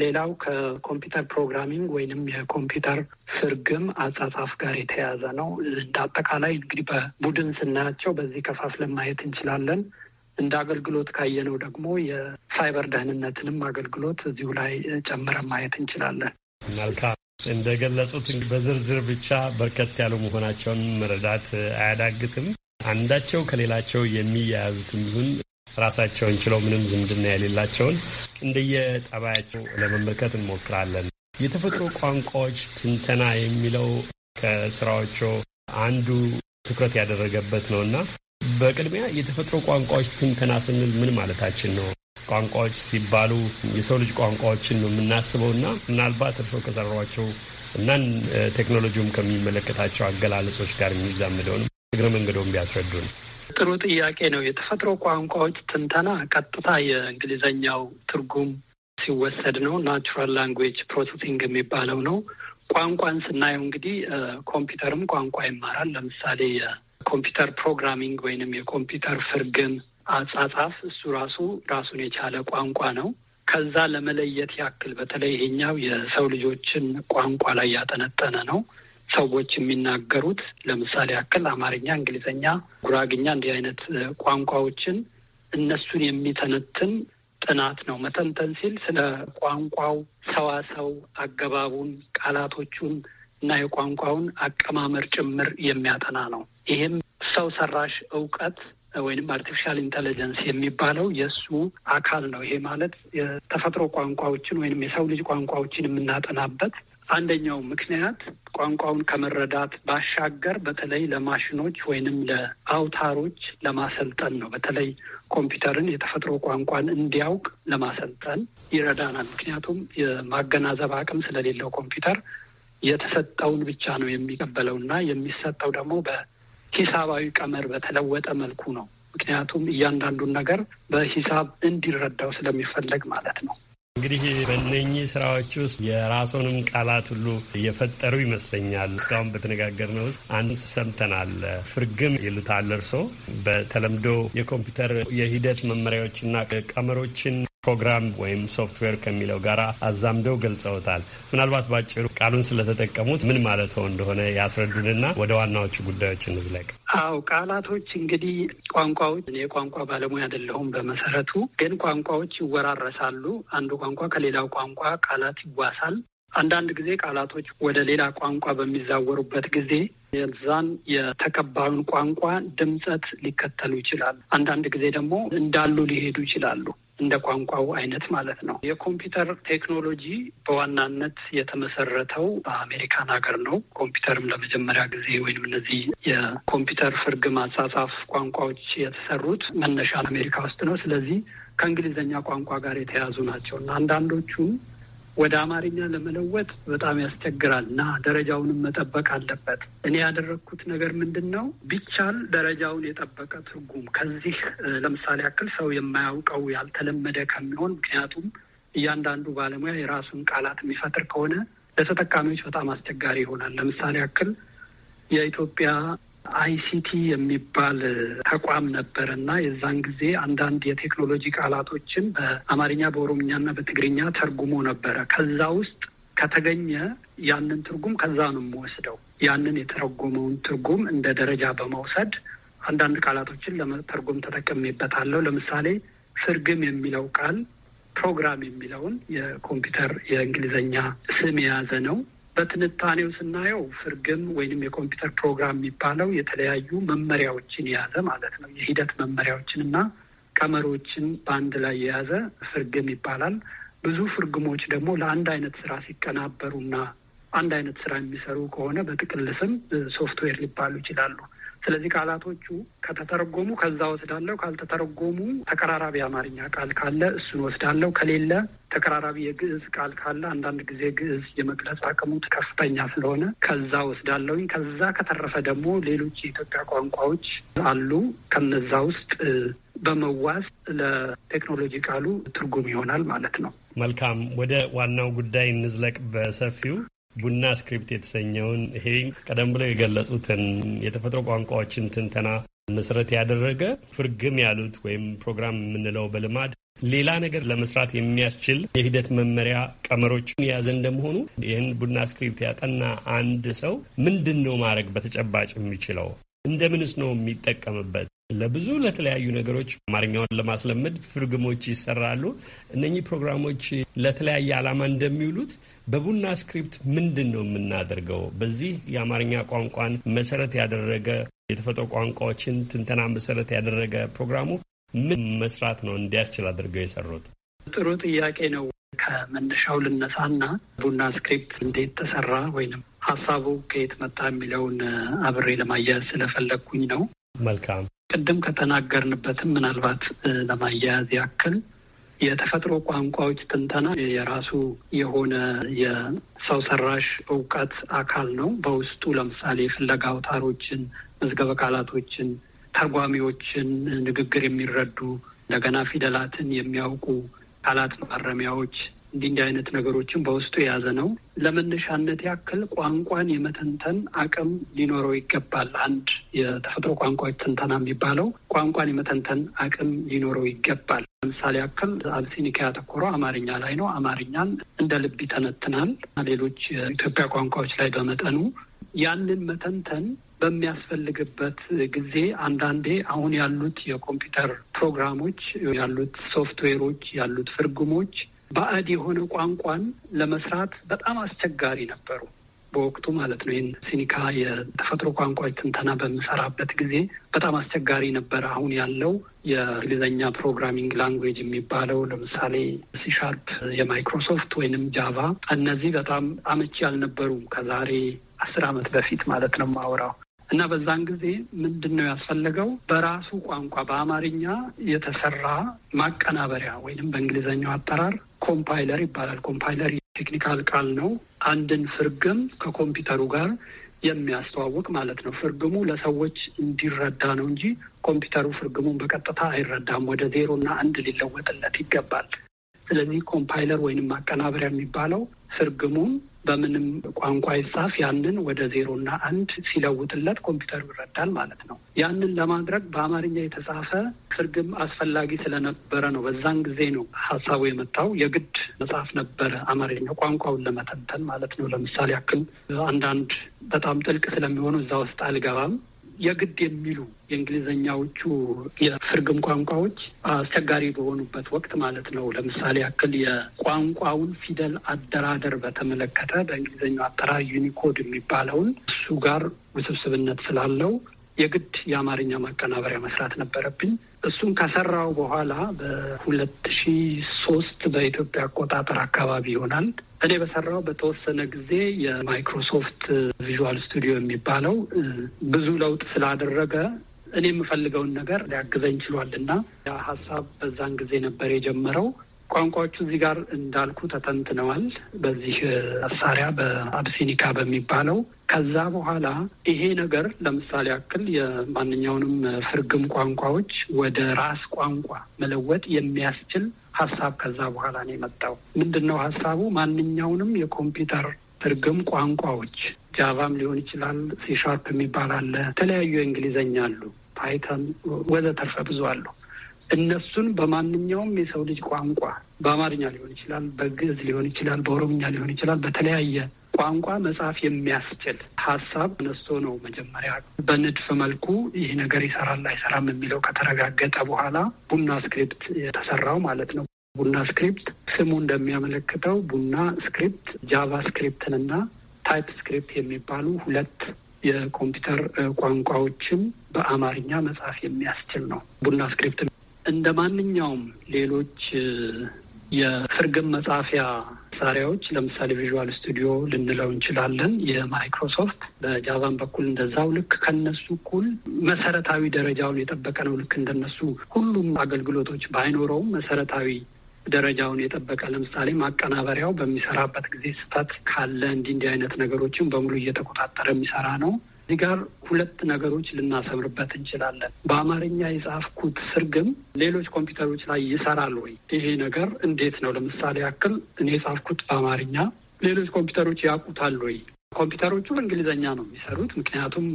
[SPEAKER 2] ሌላው ከኮምፒውተር ፕሮግራሚንግ ወይንም የኮምፒውተር ስርግም አጻጻፍ ጋር የተያያዘ ነው። እንደ አጠቃላይ እንግዲህ በቡድን ስናያቸው በዚህ ከፋፍለን ማየት እንችላለን። እንደ አገልግሎት ካየነው ደግሞ የሳይበር ደህንነትንም አገልግሎት እዚሁ ላይ ጨምረን ማየት እንችላለን።
[SPEAKER 1] መልካም እንደገለጹት በዝርዝር ብቻ በርከት ያሉ መሆናቸውን መረዳት አያዳግትም። አንዳቸው ከሌላቸው የሚያያዙትም ይሁን ራሳቸውን ችለው ምንም ዝምድና የሌላቸውን እንደየጠባያቸው ለመመልከት እንሞክራለን። የተፈጥሮ ቋንቋዎች ትንተና የሚለው ከስራዎቹ አንዱ ትኩረት ያደረገበት ነው እና በቅድሚያ የተፈጥሮ ቋንቋዎች ትንተና ስንል ምን ማለታችን ነው? ቋንቋዎች ሲባሉ የሰው ልጅ ቋንቋዎችን ነው የምናስበው እና ምናልባት እርስዎ ከሰሯቸው እና ቴክኖሎጂውም ከሚመለከታቸው አገላለጾች ጋር የሚዛምደውን እግረ መንገዶም ቢያስረዱን።
[SPEAKER 2] ጥሩ ጥያቄ ነው። የተፈጥሮ ቋንቋዎች ትንተና ቀጥታ የእንግሊዘኛው ትርጉም ሲወሰድ ነው ናቹራል ላንጉዌጅ ፕሮሰሲንግ የሚባለው ነው። ቋንቋን ስናየው እንግዲህ ኮምፒውተርም ቋንቋ ይማራል። ለምሳሌ የኮምፒውተር ፕሮግራሚንግ ወይንም የኮምፒውተር ፍርግን አጻጻፍ እሱ ራሱ ራሱን የቻለ ቋንቋ ነው። ከዛ ለመለየት ያክል በተለይ ይሄኛው የሰው ልጆችን ቋንቋ ላይ ያጠነጠነ ነው። ሰዎች የሚናገሩት ለምሳሌ ያክል አማርኛ፣ እንግሊዝኛ፣ ጉራግኛ እንዲህ አይነት ቋንቋዎችን እነሱን የሚተነትን ጥናት ነው። መተንተን ሲል ስለ ቋንቋው ሰዋሰው አገባቡን፣ ቃላቶቹን እና የቋንቋውን አቀማመር ጭምር የሚያጠና ነው። ይህም ሰው ሰራሽ እውቀት ወይም አርቲፊሻል ኢንቴሊጀንስ የሚባለው የእሱ አካል ነው። ይሄ ማለት የተፈጥሮ ቋንቋዎችን ወይንም የሰው ልጅ ቋንቋዎችን የምናጠናበት አንደኛው ምክንያት ቋንቋውን ከመረዳት ባሻገር በተለይ ለማሽኖች ወይንም ለአውታሮች ለማሰልጠን ነው። በተለይ ኮምፒውተርን የተፈጥሮ ቋንቋን እንዲያውቅ ለማሰልጠን ይረዳናል። ምክንያቱም የማገናዘብ አቅም ስለሌለው ኮምፒውተር የተሰጠውን ብቻ ነው የሚቀበለው እና የሚሰጠው ደግሞ በ ሂሳባዊ ቀመር በተለወጠ መልኩ ነው። ምክንያቱም እያንዳንዱን ነገር በሂሳብ እንዲረዳው ስለሚፈለግ ማለት ነው።
[SPEAKER 1] እንግዲህ በእነኚህ ስራዎች ውስጥ የራስንም ቃላት ሁሉ እየፈጠሩ ይመስለኛል። እስካሁን በተነጋገርነው ውስጥ አንድ ሰምተናል። ፍርግም ይሉታል በተለምዶ የኮምፒውተር የሂደት መመሪያዎችና ቀመሮችን ፕሮግራም ወይም ሶፍትዌር ከሚለው ጋር አዛምደው ገልጸውታል። ምናልባት ባጭሩ ቃሉን ስለተጠቀሙት ምን ማለት እንደሆነ ያስረዱንና ወደ ዋናዎቹ ጉዳዮች እንዝለቅ።
[SPEAKER 2] አው ቃላቶች እንግዲህ ቋንቋዎች፣ እኔ የቋንቋ ባለሙያ አይደለሁም በመሰረቱ ግን ቋንቋዎች ይወራረሳሉ። አንዱ ቋንቋ ከሌላው ቋንቋ ቃላት ይዋሳል። አንዳንድ ጊዜ ቃላቶች ወደ ሌላ ቋንቋ በሚዛወሩበት ጊዜ የዛን የተቀባዩን ቋንቋ ድምፀት ሊከተሉ ይችላሉ። አንዳንድ ጊዜ ደግሞ እንዳሉ ሊሄዱ ይችላሉ። እንደ ቋንቋው አይነት ማለት ነው። የኮምፒውተር ቴክኖሎጂ በዋናነት የተመሰረተው በአሜሪካን ሀገር ነው። ኮምፒውተርም ለመጀመሪያ ጊዜ ወይም እነዚህ የኮምፒውተር ፍርግ ማጻጻፍ ቋንቋዎች የተሰሩት መነሻ አሜሪካ ውስጥ ነው። ስለዚህ ከእንግሊዝኛ ቋንቋ ጋር የተያያዙ ናቸው እና አንዳንዶቹ ወደ አማርኛ ለመለወጥ በጣም ያስቸግራል እና ደረጃውንም መጠበቅ አለበት። እኔ ያደረግኩት ነገር ምንድን ነው? ቢቻል ደረጃውን የጠበቀ ትርጉም ከዚህ ለምሳሌ ያክል ሰው የማያውቀው ያልተለመደ ከሚሆን ምክንያቱም እያንዳንዱ ባለሙያ የራሱን ቃላት የሚፈጥር ከሆነ ለተጠቃሚዎች በጣም አስቸጋሪ ይሆናል። ለምሳሌ ያክል የኢትዮጵያ አይሲቲ የሚባል ተቋም ነበር እና የዛን ጊዜ አንዳንድ የቴክኖሎጂ ቃላቶችን በአማርኛ በኦሮምኛ እና በትግርኛ ተርጉሞ ነበረ። ከዛ ውስጥ ከተገኘ ያንን ትርጉም ከዛ ነው የምወስደው። ያንን የተረጎመውን ትርጉም እንደ ደረጃ በመውሰድ አንዳንድ ቃላቶችን ለመተርጎም ተጠቀሜበታለሁ። ለምሳሌ ፍርግም የሚለው ቃል ፕሮግራም የሚለውን የኮምፒውተር የእንግሊዝኛ ስም የያዘ ነው። በትንታኔው ስናየው ፍርግም ወይንም የኮምፒውተር ፕሮግራም የሚባለው የተለያዩ መመሪያዎችን የያዘ ማለት ነው። የሂደት መመሪያዎችን እና ቀመሮችን በአንድ ላይ የያዘ ፍርግም ይባላል። ብዙ ፍርግሞች ደግሞ ለአንድ አይነት ስራ እና አንድ አይነት ስራ የሚሰሩ ከሆነ በጥቅል ስም ሶፍትዌር ሊባሉ ይችላሉ። ስለዚህ ቃላቶቹ ከተተረጎሙ ከዛ ወስዳለው፣ ካልተተረጎሙ ተቀራራቢ አማርኛ ቃል ካለ እሱን ወስዳለው፣ ከሌለ ተቀራራቢ የግዕዝ ቃል ካለ አንዳንድ ጊዜ ግዕዝ የመግለጽ አቅሙ ከፍተኛ ስለሆነ ከዛ ወስዳለሁኝ። ከዛ ከተረፈ ደግሞ ሌሎች የኢትዮጵያ ቋንቋዎች አሉ። ከነዛ ውስጥ በመዋስ ለቴክኖሎጂ ቃሉ ትርጉም ይሆናል
[SPEAKER 1] ማለት ነው። መልካም፣ ወደ ዋናው ጉዳይ እንዝለቅ በሰፊው ቡና ስክሪፕት የተሰኘውን ይሄ ቀደም ብለው የገለጹትን የተፈጥሮ ቋንቋዎችን ትንተና መሰረት ያደረገ ፍርግም ያሉት ወይም ፕሮግራም የምንለው በልማድ ሌላ ነገር ለመስራት የሚያስችል የሂደት መመሪያ ቀመሮችን የያዘ እንደመሆኑ ይህን ቡና ስክሪፕት ያጠና አንድ ሰው ምንድን ነው ማድረግ በተጨባጭ የሚችለው? እንደምንስ ነው የሚጠቀምበት? ለብዙ ለተለያዩ ነገሮች አማርኛውን ለማስለመድ ፍርግሞች ይሰራሉ። እነኚህ ፕሮግራሞች ለተለያየ ዓላማ እንደሚውሉት በቡና ስክሪፕት ምንድን ነው የምናደርገው? በዚህ የአማርኛ ቋንቋን መሰረት ያደረገ የተፈጥሮ ቋንቋዎችን ትንተና መሰረት ያደረገ ፕሮግራሙ ምን መስራት ነው እንዲያስችል አድርገው የሰሩት?
[SPEAKER 2] ጥሩ ጥያቄ ነው። ከመነሻው ልነሳና ቡና ስክሪፕት እንዴት ተሰራ ወይንም ሀሳቡ ከየት መጣ የሚለውን አብሬ ለማያያዝ ስለፈለግኩኝ ነው። መልካም ቅድም ከተናገርንበትም ምናልባት ለማያያዝ ያክል የተፈጥሮ ቋንቋዎች ትንተና የራሱ የሆነ የሰው ሰራሽ እውቀት አካል ነው። በውስጡ ለምሳሌ ፍለጋ አውታሮችን፣ መዝገበ ቃላቶችን፣ ተርጓሚዎችን፣ ንግግር የሚረዱ እንደገና ፊደላትን የሚያውቁ ቃላት ማረሚያዎች እንዲህ እንዲህ አይነት ነገሮችን በውስጡ የያዘ ነው። ለመነሻነት ያክል ቋንቋን የመተንተን አቅም ሊኖረው ይገባል። አንድ የተፈጥሮ ቋንቋዎች ትንተና የሚባለው ቋንቋን የመተንተን አቅም ሊኖረው ይገባል። ለምሳሌ ያክል አብሲኒካ ያተኮረው አማርኛ ላይ ነው። አማርኛን እንደ ልብ ይተነትናል። ሌሎች የኢትዮጵያ ቋንቋዎች ላይ በመጠኑ ያንን መተንተን በሚያስፈልግበት ጊዜ አንዳንዴ አሁን ያሉት የኮምፒውተር ፕሮግራሞች ያሉት ሶፍትዌሮች ያሉት ፍርግሞች ባዕድ የሆነ ቋንቋን ለመስራት በጣም አስቸጋሪ ነበሩ በወቅቱ ማለት ነው። ይህን ሲኒካ የተፈጥሮ ቋንቋዎች ትንተና በምሰራበት ጊዜ በጣም አስቸጋሪ ነበረ። አሁን ያለው የእንግሊዝኛ ፕሮግራሚንግ ላንጉዌጅ የሚባለው ለምሳሌ ሲሻርፕ የማይክሮሶፍት ወይንም ጃቫ፣ እነዚህ በጣም አመቺ ያልነበሩም ከዛሬ አስር ዓመት በፊት ማለት ነው ማወራው እና በዛን ጊዜ ምንድን ነው ያስፈለገው በራሱ ቋንቋ በአማርኛ የተሰራ ማቀናበሪያ ወይንም በእንግሊዝኛው አጠራር ኮምፓይለር ይባላል። ኮምፓይለር ቴክኒካል ቃል ነው። አንድን ፍርግም ከኮምፒውተሩ ጋር የሚያስተዋውቅ ማለት ነው። ፍርግሙ ለሰዎች እንዲረዳ ነው እንጂ ኮምፒውተሩ ፍርግሙን በቀጥታ አይረዳም። ወደ እና አንድ ሊለወጥለት ይገባል። ስለዚህ ኮምፓይለር ወይንም ማቀናበሪያ የሚባለው ፍርግሙን በምንም ቋንቋ ይጻፍ ያንን ወደ ዜሮና አንድ ሲለውጥለት ኮምፒውተሩ ይረዳል ማለት ነው። ያንን ለማድረግ በአማርኛ የተጻፈ ትርጉም አስፈላጊ ስለነበረ ነው። በዛን ጊዜ ነው ሀሳቡ የመጣው። የግድ መጽሐፍ ነበረ አማርኛ ቋንቋውን ለመተንተን ማለት ነው። ለምሳሌ ያክል አንዳንድ በጣም ጥልቅ ስለሚሆኑ እዛ ውስጥ አልገባም። የግድ የሚሉ የእንግሊዝኛዎቹ የፍርግም ቋንቋዎች አስቸጋሪ በሆኑበት ወቅት ማለት ነው። ለምሳሌ ያክል የቋንቋውን ፊደል አደራደር በተመለከተ በእንግሊዝኛው አጠራር ዩኒኮድ የሚባለውን እሱ ጋር ውስብስብነት ስላለው የግድ የአማርኛ ማቀናበሪያ መስራት ነበረብኝ። እሱን ከሰራው በኋላ በሁለት ሺ ሶስት በኢትዮጵያ አቆጣጠር አካባቢ ይሆናል እኔ በሰራው በተወሰነ ጊዜ የማይክሮሶፍት ቪዥዋል ስቱዲዮ የሚባለው ብዙ ለውጥ ስላደረገ እኔ የምፈልገውን ነገር ሊያግዘኝ ችሏል ያ ሀሳብ በዛን ጊዜ ነበር የጀመረው። ቋንቋዎቹ እዚህ ጋር እንዳልኩ ተተንትነዋል በዚህ መሳሪያ በአብሲኒካ በሚባለው። ከዛ በኋላ ይሄ ነገር ለምሳሌ ያክል የማንኛውንም ፍርግም ቋንቋዎች ወደ ራስ ቋንቋ መለወጥ የሚያስችል ሀሳብ ከዛ በኋላ ነው የመጣው። ምንድን ነው ሀሳቡ? ማንኛውንም የኮምፒውተር ፍርግም ቋንቋዎች ጃቫም ሊሆን ይችላል፣ ሲሻርፕ የሚባል አለ፣ የተለያዩ የእንግሊዝኛ አሉ፣ ፓይተን ወዘተርፈ ብዙ አለሁ እነሱን በማንኛውም የሰው ልጅ ቋንቋ በአማርኛ ሊሆን ይችላል፣ በግዕዝ ሊሆን ይችላል፣ በኦሮምኛ ሊሆን ይችላል፣ በተለያየ ቋንቋ መጽሐፍ የሚያስችል ሀሳብ ነሶ ነው። መጀመሪያ በንድፍ መልኩ ይህ ነገር ይሰራል አይሰራም የሚለው ከተረጋገጠ በኋላ ቡና ስክሪፕት የተሰራው ማለት ነው። ቡና ስክሪፕት ስሙ እንደሚያመለክተው ቡና ስክሪፕት ጃቫ እና ታይፕ ስክሪፕት የሚባሉ ሁለት የኮምፒውተር ቋንቋዎችን በአማርኛ መጽሐፍ የሚያስችል ነው። ቡና ስክሪፕት እንደ ማንኛውም ሌሎች የፍርግን መጻፊያ መሳሪያዎች ለምሳሌ ቪዥዋል ስቱዲዮ ልንለው እንችላለን። የማይክሮሶፍት በጃቫን በኩል እንደዛው ልክ ከነሱ እኩል መሰረታዊ ደረጃውን የጠበቀ ነው። ልክ እንደነሱ ሁሉም አገልግሎቶች ባይኖረውም መሰረታዊ ደረጃውን የጠበቀ ለምሳሌ ማቀናበሪያው በሚሰራበት ጊዜ ስህተት ካለ እንዲህ እንዲህ አይነት ነገሮችን በሙሉ እየተቆጣጠረ የሚሰራ ነው። እዚህ ጋር ሁለት ነገሮች ልናሰምርበት እንችላለን። በአማርኛ የጻፍኩት ስርግም ሌሎች ኮምፒውተሮች ላይ ይሰራል ወይ? ይሄ ነገር እንዴት ነው? ለምሳሌ ያክል እኔ የጻፍኩት በአማርኛ ሌሎች ኮምፒውተሮች ያውቁታል ወይ? ኮምፒውተሮቹ በእንግሊዘኛ ነው የሚሰሩት። ምክንያቱም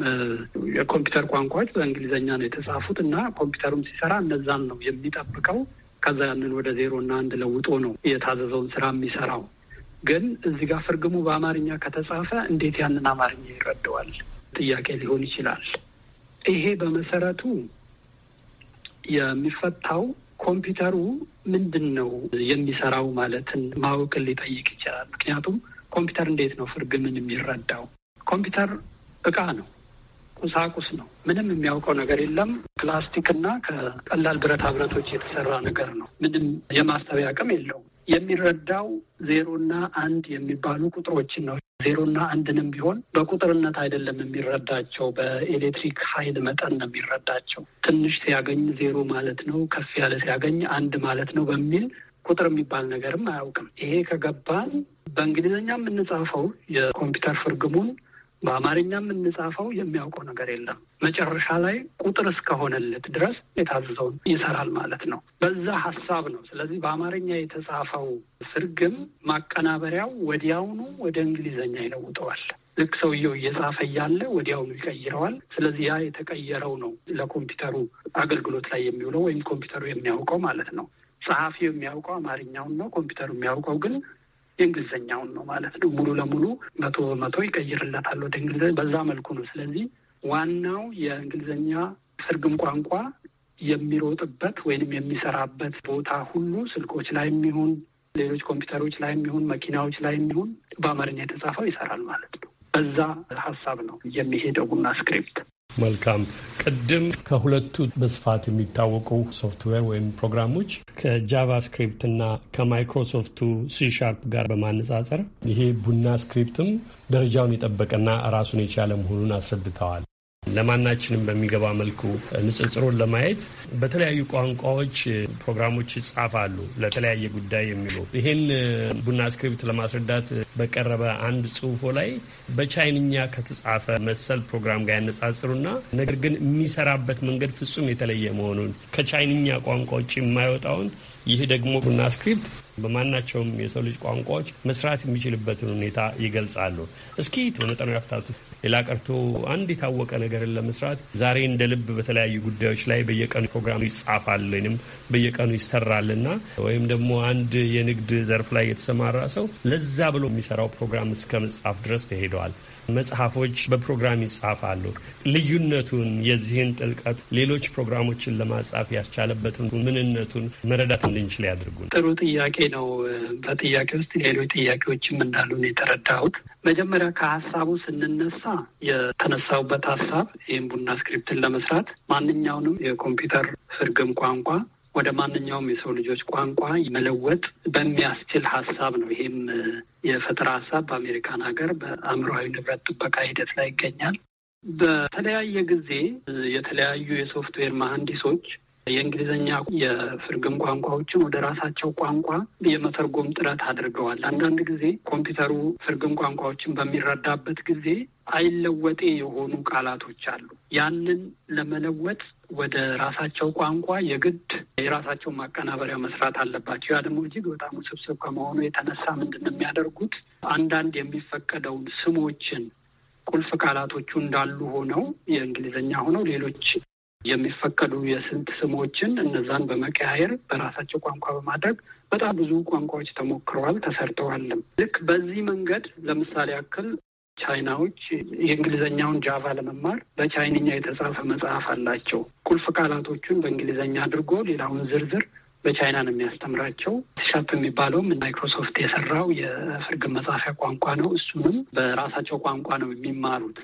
[SPEAKER 2] የኮምፒውተር ቋንቋዎች በእንግሊዘኛ ነው የተጻፉት እና ኮምፒውተሩም ሲሰራ እነዛን ነው የሚጠብቀው። ከዛ ያንን ወደ ዜሮ እና አንድ ለውጦ ነው የታዘዘውን ስራ የሚሰራው። ግን እዚህ ጋር ፍርግሙ በአማርኛ ከተጻፈ እንዴት ያንን አማርኛ ይረዳዋል? ጥያቄ ሊሆን ይችላል። ይሄ በመሰረቱ የሚፈታው ኮምፒውተሩ ምንድን ነው የሚሰራው ማለትን ማወቅን ሊጠይቅ ይችላል። ምክንያቱም ኮምፒውተር እንዴት ነው ፍርግምን የሚረዳው? ኮምፒውተር እቃ ነው፣ ቁሳቁስ ነው። ምንም የሚያውቀው ነገር የለም። ፕላስቲክና ከቀላል ብረታ ብረቶች የተሰራ ነገር ነው። ምንም የማሰቢያ አቅም የለውም። የሚረዳው ዜሮና አንድ የሚባሉ ቁጥሮችን ነው። ዜሮና አንድንም ቢሆን በቁጥርነት አይደለም የሚረዳቸው፣ በኤሌክትሪክ ኃይል መጠን ነው የሚረዳቸው። ትንሽ ሲያገኝ ዜሮ ማለት ነው፣ ከፍ ያለ ሲያገኝ አንድ ማለት ነው በሚል ቁጥር የሚባል ነገርም አያውቅም። ይሄ ከገባን በእንግሊዝኛ የምንጻፈው የኮምፒውተር ፍርግሙን በአማርኛ የምንጻፈው የሚያውቀው ነገር የለም። መጨረሻ ላይ ቁጥር እስከሆነለት ድረስ የታዘዘውን ይሰራል ማለት ነው። በዛ ሀሳብ ነው። ስለዚህ በአማርኛ የተጻፈው ስርግም ማቀናበሪያው ወዲያውኑ ወደ እንግሊዘኛ ይለውጠዋል። ልክ ሰውየው እየጻፈ እያለ ወዲያውኑ ይቀይረዋል። ስለዚህ ያ የተቀየረው ነው ለኮምፒውተሩ አገልግሎት ላይ የሚውለው ወይም ኮምፒውተሩ የሚያውቀው ማለት ነው። ጸሐፊው የሚያውቀው አማርኛውን ነው። ኮምፒውተሩ የሚያውቀው ግን የእንግሊዝኛውን ነው ማለት ነው። ሙሉ ለሙሉ መቶ በመቶ ይቀይርለታል ወደ እንግሊዝኛ በዛ መልኩ ነው። ስለዚህ ዋናው የእንግሊዝኛ ስርግም ቋንቋ የሚሮጥበት ወይንም የሚሰራበት ቦታ ሁሉ ስልኮች ላይ የሚሆን ሌሎች ኮምፒውተሮች ላይ የሚሆን መኪናዎች ላይ የሚሆን በአማርኛ የተጻፈው ይሰራል ማለት ነው። በዛ ሀሳብ ነው የሚሄደው ቡና ስክሪፕት
[SPEAKER 1] መልካም ቅድም ከሁለቱ በስፋት የሚታወቁ ሶፍትዌር ወይም ፕሮግራሞች ከጃቫስክሪፕት እና ከማይክሮሶፍቱ ሲሻርፕ ጋር በማነጻጸር ይሄ ቡና ስክሪፕትም ደረጃውን የጠበቀና ራሱን የቻለ መሆኑን አስረድተዋል። ለማናችንም በሚገባ መልኩ ንጽጽሩን ለማየት በተለያዩ ቋንቋዎች ፕሮግራሞች ይጻፋሉ፣ ለተለያየ ጉዳይ የሚሉ ይህን ቡና ስክሪፕት ለማስረዳት በቀረበ አንድ ጽሁፎ ላይ በቻይንኛ ከተጻፈ መሰል ፕሮግራም ጋር ያነጻጽሩና ነገር ግን የሚሰራበት መንገድ ፍጹም የተለየ መሆኑን ከቻይንኛ ቋንቋ ውጭ የማይወጣውን ይህ ደግሞ ቡና ስክሪፕት በማናቸውም የሰው ልጅ ቋንቋዎች መስራት የሚችልበትን ሁኔታ ይገልጻሉ። እስኪ በመጠኑ ያፍታቱ። ሌላ ቀርቶ አንድ የታወቀ ነገርን ለመስራት ዛሬ እንደ ልብ በተለያዩ ጉዳዮች ላይ በየቀኑ ፕሮግራም ይጻፋል ወይም በየቀኑ ይሰራልና ወይም ደግሞ አንድ የንግድ ዘርፍ ላይ የተሰማራ ሰው ለዛ ብሎ የሚሰራው ፕሮግራም እስከ መጻፍ ድረስ ተሄደዋል። መጽሐፎች በፕሮግራም ይጻፋሉ። ልዩነቱን የዚህን ጥልቀት ሌሎች ፕሮግራሞችን ለማጻፍ ያስቻለበትን ምንነቱን መረዳት እንድንችል ያድርጉን።
[SPEAKER 2] ጥሩ ጥያቄ ነው። በጥያቄ ውስጥ ሌሎች ጥያቄዎችም እንዳሉን የተረዳሁት መጀመሪያ ከሀሳቡ ስንነሳ የተነሳውበት ሀሳብ ይህም ቡና ስክሪፕትን ለመስራት ማንኛውንም የኮምፒውተር ፍርግም ቋንቋ ወደ ማንኛውም የሰው ልጆች ቋንቋ መለወጥ በሚያስችል ሀሳብ ነው። ይህም የፈጠራ ሀሳብ በአሜሪካን ሀገር በአእምሯዊ ንብረት ጥበቃ ሂደት ላይ ይገኛል። በተለያየ ጊዜ የተለያዩ የሶፍትዌር መሀንዲሶች የእንግሊዝኛ የፍርግም ቋንቋዎችን ወደ ራሳቸው ቋንቋ የመተርጎም ጥረት አድርገዋል። አንዳንድ ጊዜ ኮምፒውተሩ ፍርግም ቋንቋዎችን በሚረዳበት ጊዜ አይለወጤ የሆኑ ቃላቶች አሉ። ያንን ለመለወጥ ወደ ራሳቸው ቋንቋ የግድ የራሳቸውን ማቀናበሪያ መስራት አለባቸው። ያ ደግሞ እጅግ በጣም ውስብስብ ከመሆኑ የተነሳ ምንድን ነው የሚያደርጉት? አንዳንድ የሚፈቀደውን ስሞችን ቁልፍ ቃላቶቹ እንዳሉ ሆነው የእንግሊዝኛ ሆነው ሌሎች የሚፈቀዱ የስንት ስሞችን እነዛን በመቀያየር በራሳቸው ቋንቋ በማድረግ በጣም ብዙ ቋንቋዎች ተሞክረዋል፣ ተሰርተዋልም። ልክ በዚህ መንገድ ለምሳሌ ያክል ቻይናዎች የእንግሊዝኛውን ጃቫ ለመማር በቻይንኛ የተጻፈ መጽሐፍ አላቸው። ቁልፍ ቃላቶቹን በእንግሊዝኛ አድርጎ ሌላውን ዝርዝር በቻይና ነው የሚያስተምራቸው። ሻፕ የሚባለውም ማይክሮሶፍት የሰራው የፍርግ መጻፊያ ቋንቋ ነው። እሱንም በራሳቸው ቋንቋ ነው የሚማሩት።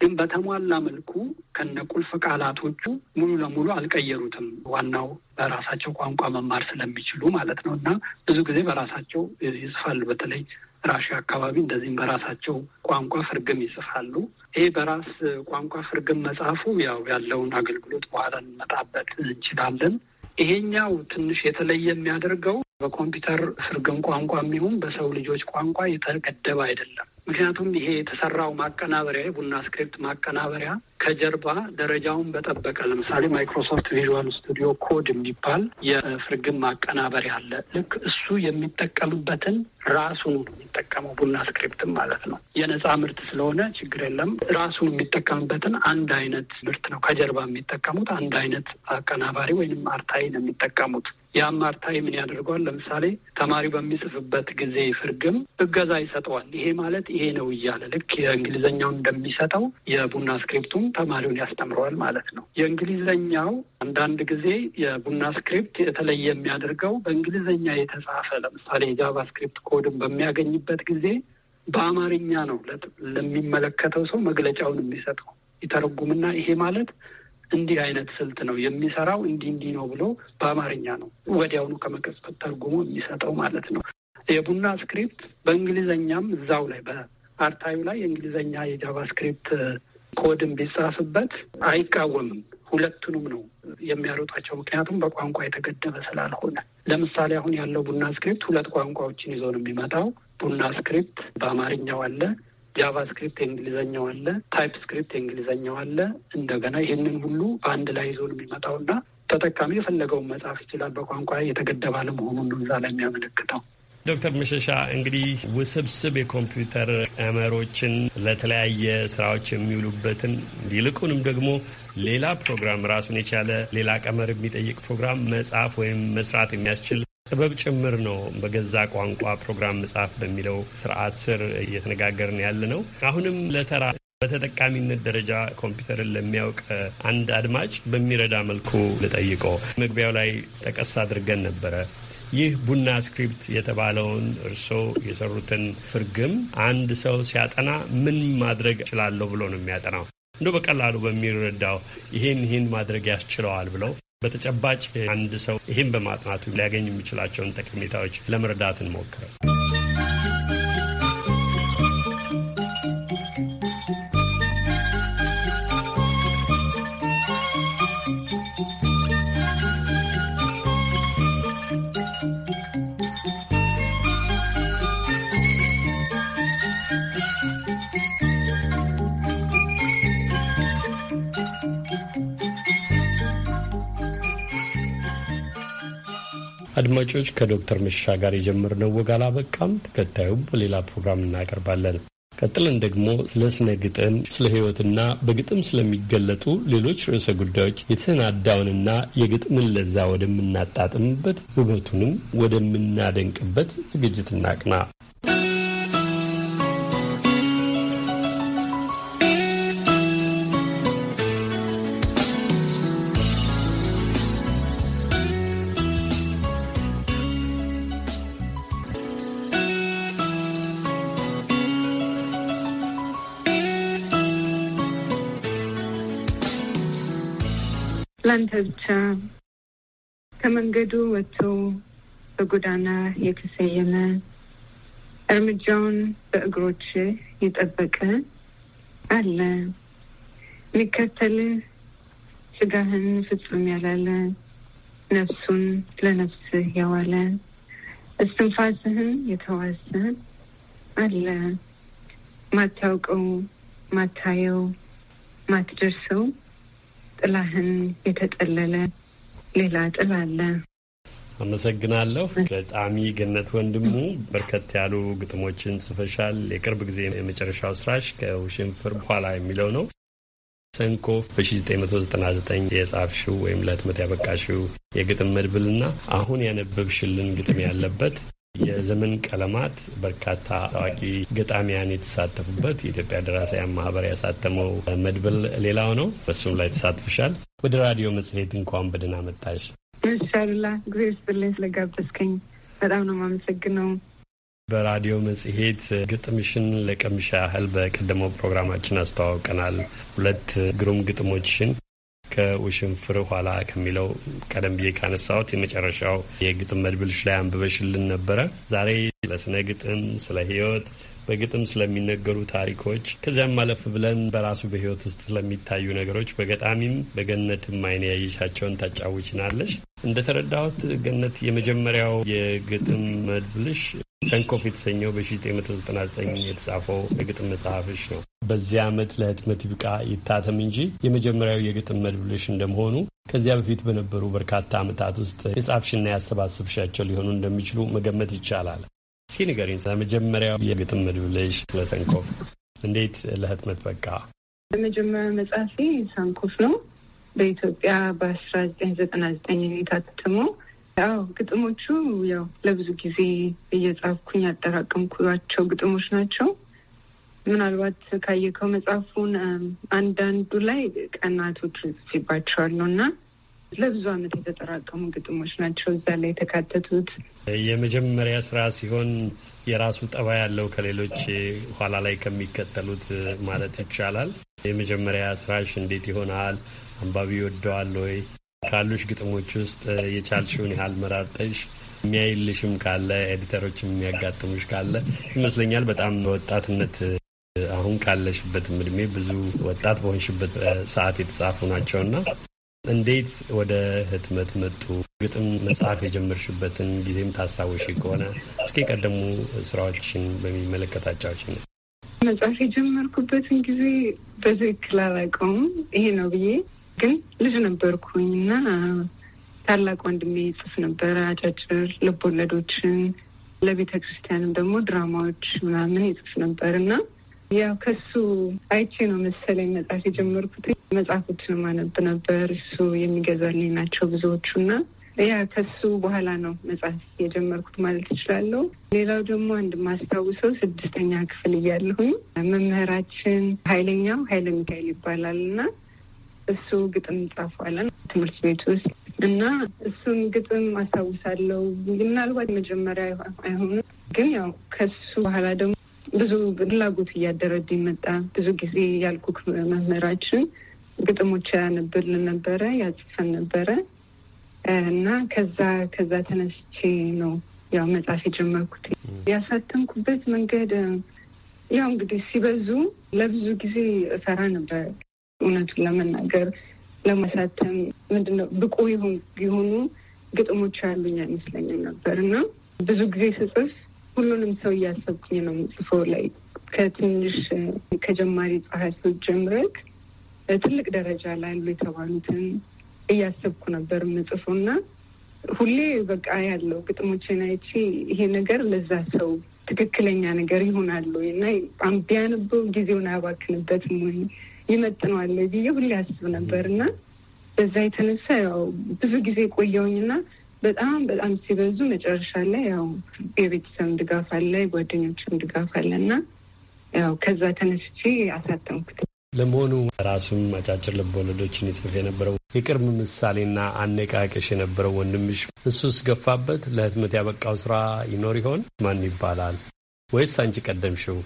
[SPEAKER 2] ግን በተሟላ መልኩ ከነ ቁልፍ ቃላቶቹ ሙሉ ለሙሉ አልቀየሩትም። ዋናው በራሳቸው ቋንቋ መማር ስለሚችሉ ማለት ነው። እና ብዙ ጊዜ በራሳቸው ይጽፋሉ። በተለይ ራሽያ አካባቢ እንደዚህም በራሳቸው ቋንቋ ፍርግም ይጽፋሉ። ይሄ በራስ ቋንቋ ፍርግም መጽሐፉ ያው ያለውን አገልግሎት በኋላ እንመጣበት እንችላለን። ይሄኛው ትንሽ የተለየ የሚያደርገው በኮምፒውተር ፍርግም ቋንቋ የሚሆን በሰው ልጆች ቋንቋ የተገደበ አይደለም። ምክንያቱም ይሄ የተሰራው ማቀናበሪያ የቡና ስክሪፕት ማቀናበሪያ ከጀርባ ደረጃውን በጠበቀ ለምሳሌ ማይክሮሶፍት ቪዥዋል ስቱዲዮ ኮድ የሚባል የፍርግም ማቀናበሪያ አለ። ልክ እሱ የሚጠቀምበትን ራሱን የሚጠቀመው ቡና ስክሪፕትም ማለት ነው። የነፃ ምርት ስለሆነ ችግር የለም። ራሱን የሚጠቀምበትን አንድ አይነት ምርት ነው ከጀርባ የሚጠቀሙት። አንድ አይነት አቀናባሪ ወይም አርታይ ነው የሚጠቀሙት። የአማር አርታይ ምን ያደርገዋል? ለምሳሌ ተማሪው በሚጽፍበት ጊዜ ፍርግም እገዛ ይሰጠዋል። ይሄ ማለት ይሄ ነው እያለ ልክ የእንግሊዝኛውን እንደሚሰጠው የቡና ስክሪፕቱም ተማሪውን ያስተምረዋል ማለት ነው። የእንግሊዝኛው አንዳንድ ጊዜ የቡና ስክሪፕት የተለየ የሚያደርገው በእንግሊዝኛ የተጻፈ ለምሳሌ ስክሪፕት ኮድን በሚያገኝበት ጊዜ በአማርኛ ነው ለሚመለከተው ሰው መግለጫውን የሚሰጠው ይተረጉምና ይሄ ማለት እንዲህ አይነት ስልት ነው የሚሰራው፣ እንዲህ እንዲህ ነው ብሎ በአማርኛ ነው ወዲያውኑ ከመቀጽበት ተርጉሞ የሚሰጠው ማለት ነው። የቡና ስክሪፕት በእንግሊዘኛም እዛው ላይ በአርታዩ ላይ የእንግሊዘኛ የጃቫስክሪፕት ኮድን ቢጻፍበት አይቃወምም። ሁለቱንም ነው የሚያሮጣቸው፣ ምክንያቱም በቋንቋ የተገደበ ስላልሆነ። ለምሳሌ አሁን ያለው ቡና ስክሪፕት ሁለት ቋንቋዎችን ይዞ ነው የሚመጣው። ቡና ስክሪፕት በአማርኛው አለ፣ ጃቫስክሪፕት የእንግሊዘኛው አለ፣ ታይፕ ስክሪፕት የእንግሊዘኛው አለ። እንደገና ይህንን ሁሉ አንድ ላይ ይዞ ነው የሚመጣውና ተጠቃሚ የፈለገውን መጽሐፍ ይችላል። በቋንቋ የተገደበ አለመሆኑን ነው እዛ ላይ የሚያመለክተው።
[SPEAKER 1] ዶክተር መሸሻ እንግዲህ ውስብስብ የኮምፒውተር ቀመሮችን ለተለያየ ስራዎች የሚውሉበትን ይልቁንም ደግሞ ሌላ ፕሮግራም ራሱን የቻለ ሌላ ቀመር የሚጠይቅ ፕሮግራም መጽሐፍ ወይም መስራት የሚያስችል ጥበብ ጭምር ነው። በገዛ ቋንቋ ፕሮግራም መጽሐፍ በሚለው ስርዓት ስር እየተነጋገርን ያለ ነው። አሁንም ለተራ በተጠቃሚነት ደረጃ ኮምፒውተርን ለሚያውቅ አንድ አድማጭ በሚረዳ መልኩ ልጠይቆ መግቢያው ላይ ጠቀስ አድርገን ነበረ። ይህ ቡና ስክሪፕት የተባለውን እርስዎ የሰሩትን ፍርግም አንድ ሰው ሲያጠና ምን ማድረግ እችላለሁ ብሎ ነው የሚያጠናው? እንደ በቀላሉ በሚረዳው ይህን ይህን ማድረግ ያስችለዋል ብለው በተጨባጭ አንድ ሰው ይህን በማጥናቱ ሊያገኝ የሚችላቸውን ጠቀሜታዎች ለመረዳት እንሞክረው። አድማጮች ከዶክተር መሸሻ ጋር የጀመርነው ወግ አላበቃም። ተከታዩም በሌላ ፕሮግራም እናቀርባለን። ቀጥለን ደግሞ ስለ ስነ ግጥም፣ ስለ ህይወትና በግጥም ስለሚገለጡ ሌሎች ርዕሰ ጉዳዮች የተሰናዳውንና የግጥምን ለዛ ወደምናጣጥምበት ውበቱንም ወደምናደንቅበት ዝግጅት እናቅና።
[SPEAKER 3] ብቻ ከመንገዱ ወጥቶ በጎዳና የተሰየመ እርምጃውን በእግሮች የጠበቀ አለ የሚከተልህ ስጋህን ፍጹም ያላለ ነፍሱን ለነፍስህ ያዋለ እስትንፋስህን የተዋሰ አለ ማታውቀው ማታየው ማትደርሰው ጥላህን የተጠለለ ሌላ ጥላ አለ።
[SPEAKER 1] አመሰግናለሁ። ገጣሚ ገነት ወንድሙ በርከት ያሉ ግጥሞችን ጽፈሻል። የቅርብ ጊዜ የመጨረሻው ስራሽ ከውሽንፍር በኋላ የሚለው ነው። ሰንኮፍ በ1999 የጻፍሽው ወይም ለህትመት ያበቃሽው የግጥም መድብልና አሁን ያነበብሽልን ግጥም ያለበት የዘመን ቀለማት በርካታ ታዋቂ ገጣሚያን የተሳተፉበት የኢትዮጵያ ደራሲያን ማህበር ያሳተመው መድብል ሌላው ነው። በሱም ላይ ተሳትፍሻል። ወደ ራዲዮ መጽሔት እንኳን በደህና መጣሽ።
[SPEAKER 3] ሻሉላ ጊዜ ስጥልኝ ስለጋበዝከኝ በጣም ነው የማመሰግነው።
[SPEAKER 1] በራዲዮ መጽሔት ግጥምሽን ለቅምሻ ያህል በቀደመው ፕሮግራማችን አስተዋውቀናል። ሁለት ግሩም ግጥሞችሽን ከውሽንፍር ኋላ ከሚለው ቀደም ብዬ ካነሳሁት የመጨረሻው የግጥም መድብልሽ ላይ አንብበሽልን ነበረ። ዛሬ ስለ ስነ ግጥም፣ ስለ ህይወት በግጥም ስለሚነገሩ ታሪኮች ከዚያም አለፍ ብለን በራሱ በህይወት ውስጥ ስለሚታዩ ነገሮች በገጣሚም በገነትም አይን ያየሻቸውን ታጫውችናለሽ። ተረዳሁት ገነት የመጀመሪያው የግጥም መድብልሽ ሰንኮፍ የተሰኘው በ1999 የተጻፈው የግጥም መጽሐፍሽ ነው። በዚያ ዓመት ለህትመት ይብቃ ይታተም እንጂ የመጀመሪያው የግጥም መድብልሽ እንደመሆኑ ከዚያ በፊት በነበሩ በርካታ ዓመታት ውስጥ የጻፍሽና ያሰባሰብሻቸው ሊሆኑ እንደሚችሉ መገመት ይቻላል። እስኪ ንገሪን ስለመጀመሪያው የግጥም መድብለሽ ስለ ሰንኮፍ እንዴት ለህትመት በቃ?
[SPEAKER 3] የመጀመሪያ መጽሐፌ ሰንኮፍ ነው። በኢትዮጵያ በአስራ ዘጠኝ ዘጠና ዘጠኝ የታተሞ ያው ግጥሞቹ ያው ለብዙ ጊዜ እየጻፍኩኝ ያጠራቀምኳቸው ግጥሞች ናቸው። ምናልባት ካየከው መጽሐፉን አንዳንዱ ላይ ቀናቶች ጽፌባቸዋለሁ እና ለብዙ ዓመት የተጠራቀሙ ግጥሞች ናቸው እዛ ላይ የተካተቱት።
[SPEAKER 1] የመጀመሪያ ስራ ሲሆን የራሱ ጠባ ያለው ከሌሎች ኋላ ላይ ከሚከተሉት ማለት ይቻላል። የመጀመሪያ ስራሽ እንዴት ይሆናል? አንባቢ ይወደዋል ወይ? ካሉሽ ግጥሞች ውስጥ የቻልሽውን ያህል መራርጠሽ የሚያይልሽም ካለ ኤዲተሮች የሚያጋጥሙሽ ካለ ይመስለኛል በጣም በወጣትነት አሁን ካለሽበትም እድሜ ብዙ ወጣት በሆንሽበት ሰዓት የተጻፉ ናቸውና እንዴት ወደ ህትመት መጡ? ግጥም መጽሐፍ የጀመርሽበትን ጊዜም ታስታወሽ ከሆነ እስኪ ቀደሙ ስራዎችን በሚመለከታቻችን
[SPEAKER 3] መጽሐፍ የጀመርኩበትን ጊዜ በትክክል አላውቀውም። ይሄ ነው ብዬ ግን ልጅ ነበርኩኝ እና ታላቅ ወንድሜ ይጽፍ ነበረ አጫጭር ልቦለዶችን፣ ለቤተ ክርስቲያንም ደግሞ ድራማዎች ምናምን ይጽፍ ነበር እና ያው ከሱ አይቼ ነው መሰለኝ መጽሐፍ የጀመርኩት። መጽሐፎችን ማነብ ነበር እሱ የሚገዛልኝ ናቸው ብዙዎቹ እና ያ ከሱ በኋላ ነው መጽሐፍ የጀመርኩት ማለት እችላለሁ። ሌላው ደግሞ አንድ ማስታውሰው ስድስተኛ ክፍል እያለሁኝ መምህራችን ኃይለኛው ኃይለ ሚካኤል ይባላል እና እሱ ግጥም ጻፏለን ትምህርት ቤት ውስጥ እና እሱን ግጥም አስታውሳለሁ። ምናልባት መጀመሪያ አይሆንም ግን ያው ከሱ በኋላ ደግሞ ብዙ ፍላጎት እያደረ መጣ። ብዙ ጊዜ ያልኩክ መምህራችን ግጥሞች ያነብልን ነበረ፣ ያጽፈን ነበረ እና ከዛ ከዛ ተነስቼ ነው ያው መጽሐፍ የጀመርኩት። ያሳተምኩበት መንገድ ያው እንግዲህ ሲበዙ ለብዙ ጊዜ እሰራ ነበር። እውነቱን ለመናገር ለማሳተም ምንድነው ብቁ የሆኑ ግጥሞች ያሉኝ አይመስለኝም ነበር እና ብዙ ጊዜ ስጽፍ ሁሉንም ሰው እያሰብኩኝ ነው ጽፎ ላይ ከትንሽ ከጀማሪ ጸሐፊዎች ጀምረክ ትልቅ ደረጃ ላይ ያሉ የተባሉትን እያሰብኩ ነበር ምጽፎ እና ሁሌ በቃ ያለው ግጥሞችን አይቼ ይሄ ነገር ለዛ ሰው ትክክለኛ ነገር ይሆናሉ እና ቢያነበው ጊዜውን አያባክንበትም ወይ ይመጥነዋል ብዬ ሁሌ አስብ ነበር እና በዛ የተነሳ ያው ብዙ ጊዜ ቆየውኝ እና በጣም በጣም ሲበዙ መጨረሻ ላይ ያው የቤተሰብ ድጋፍ አለ፣ ጓደኞችም ድጋፍ አለ እና ያው ከዛ ተነስቼ አሳተምኩት።
[SPEAKER 1] ለመሆኑ ራሱም አጫጭር ልቦለዶችን ይጽፍ የነበረው የቅርብ ምሳሌና አነቃቀሽ የነበረው ወንድምሽ እሱስ ገፋበት ለህትመት ያበቃው ስራ ይኖር ይሆን? ማን ይባላል? ወይስ አንቺ ቀደምሽው?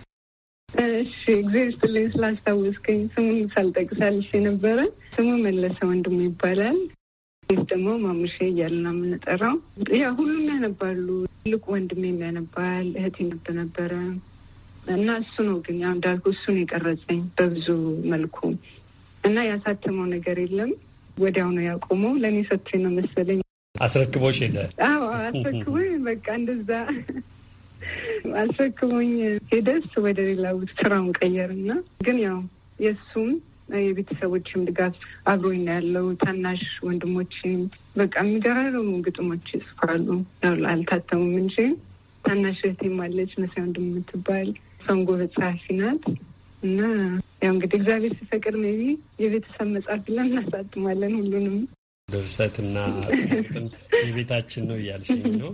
[SPEAKER 3] እሺ እግዚአብሔር ይስጥልኝ ስላስታወስከኝ ስሙን ሳልጠቅሳልሽ የነበረ ስሙ መለሰ ወንድሙ ይባላል። ይህ ደግሞ ማሙሼ እያልን ነው የምንጠራው። ያ ሁሉም ያነባሉ። ትልቅ ወንድሜም ያነባል። እህቴ ነበረ እና እሱ ነው ግን ያው እንዳልኩ እሱን የቀረጸኝ በብዙ መልኩ እና ያሳተመው ነገር የለም። ወዲያው ነው ያቆመው። ለእኔ ሰጥቶኝ ነው መሰለኝ።
[SPEAKER 1] አስረክቦች ሄደ። አዎ አስረክቦኝ
[SPEAKER 3] በቃ እንደዛ አስረክቦኝ ሄደስ ወደ ሌላ ስራውን ቀየርና ግን ያው የእሱም የቤተሰቦችም ድጋፍ አብሮኝ ነው ያለው። ታናሽ ወንድሞችም በቃ የሚገራረሙ ግጥሞች ይጽፋሉ። አልታተሙም እንጂ ታናሽ እህቴም አለች መሳይ ወንድም የምትባል ሰንጎ ጎበዝ ጸሐፊ ናት እና ያው እንግዲህ እግዚአብሔር ሲፈቅድ ቢ የቤተሰብ መጽሐፍ ብለን እናሳትማለን። ሁሉንም
[SPEAKER 1] ድርሰትና የቤታችን ነው እያልሽኝ ነው?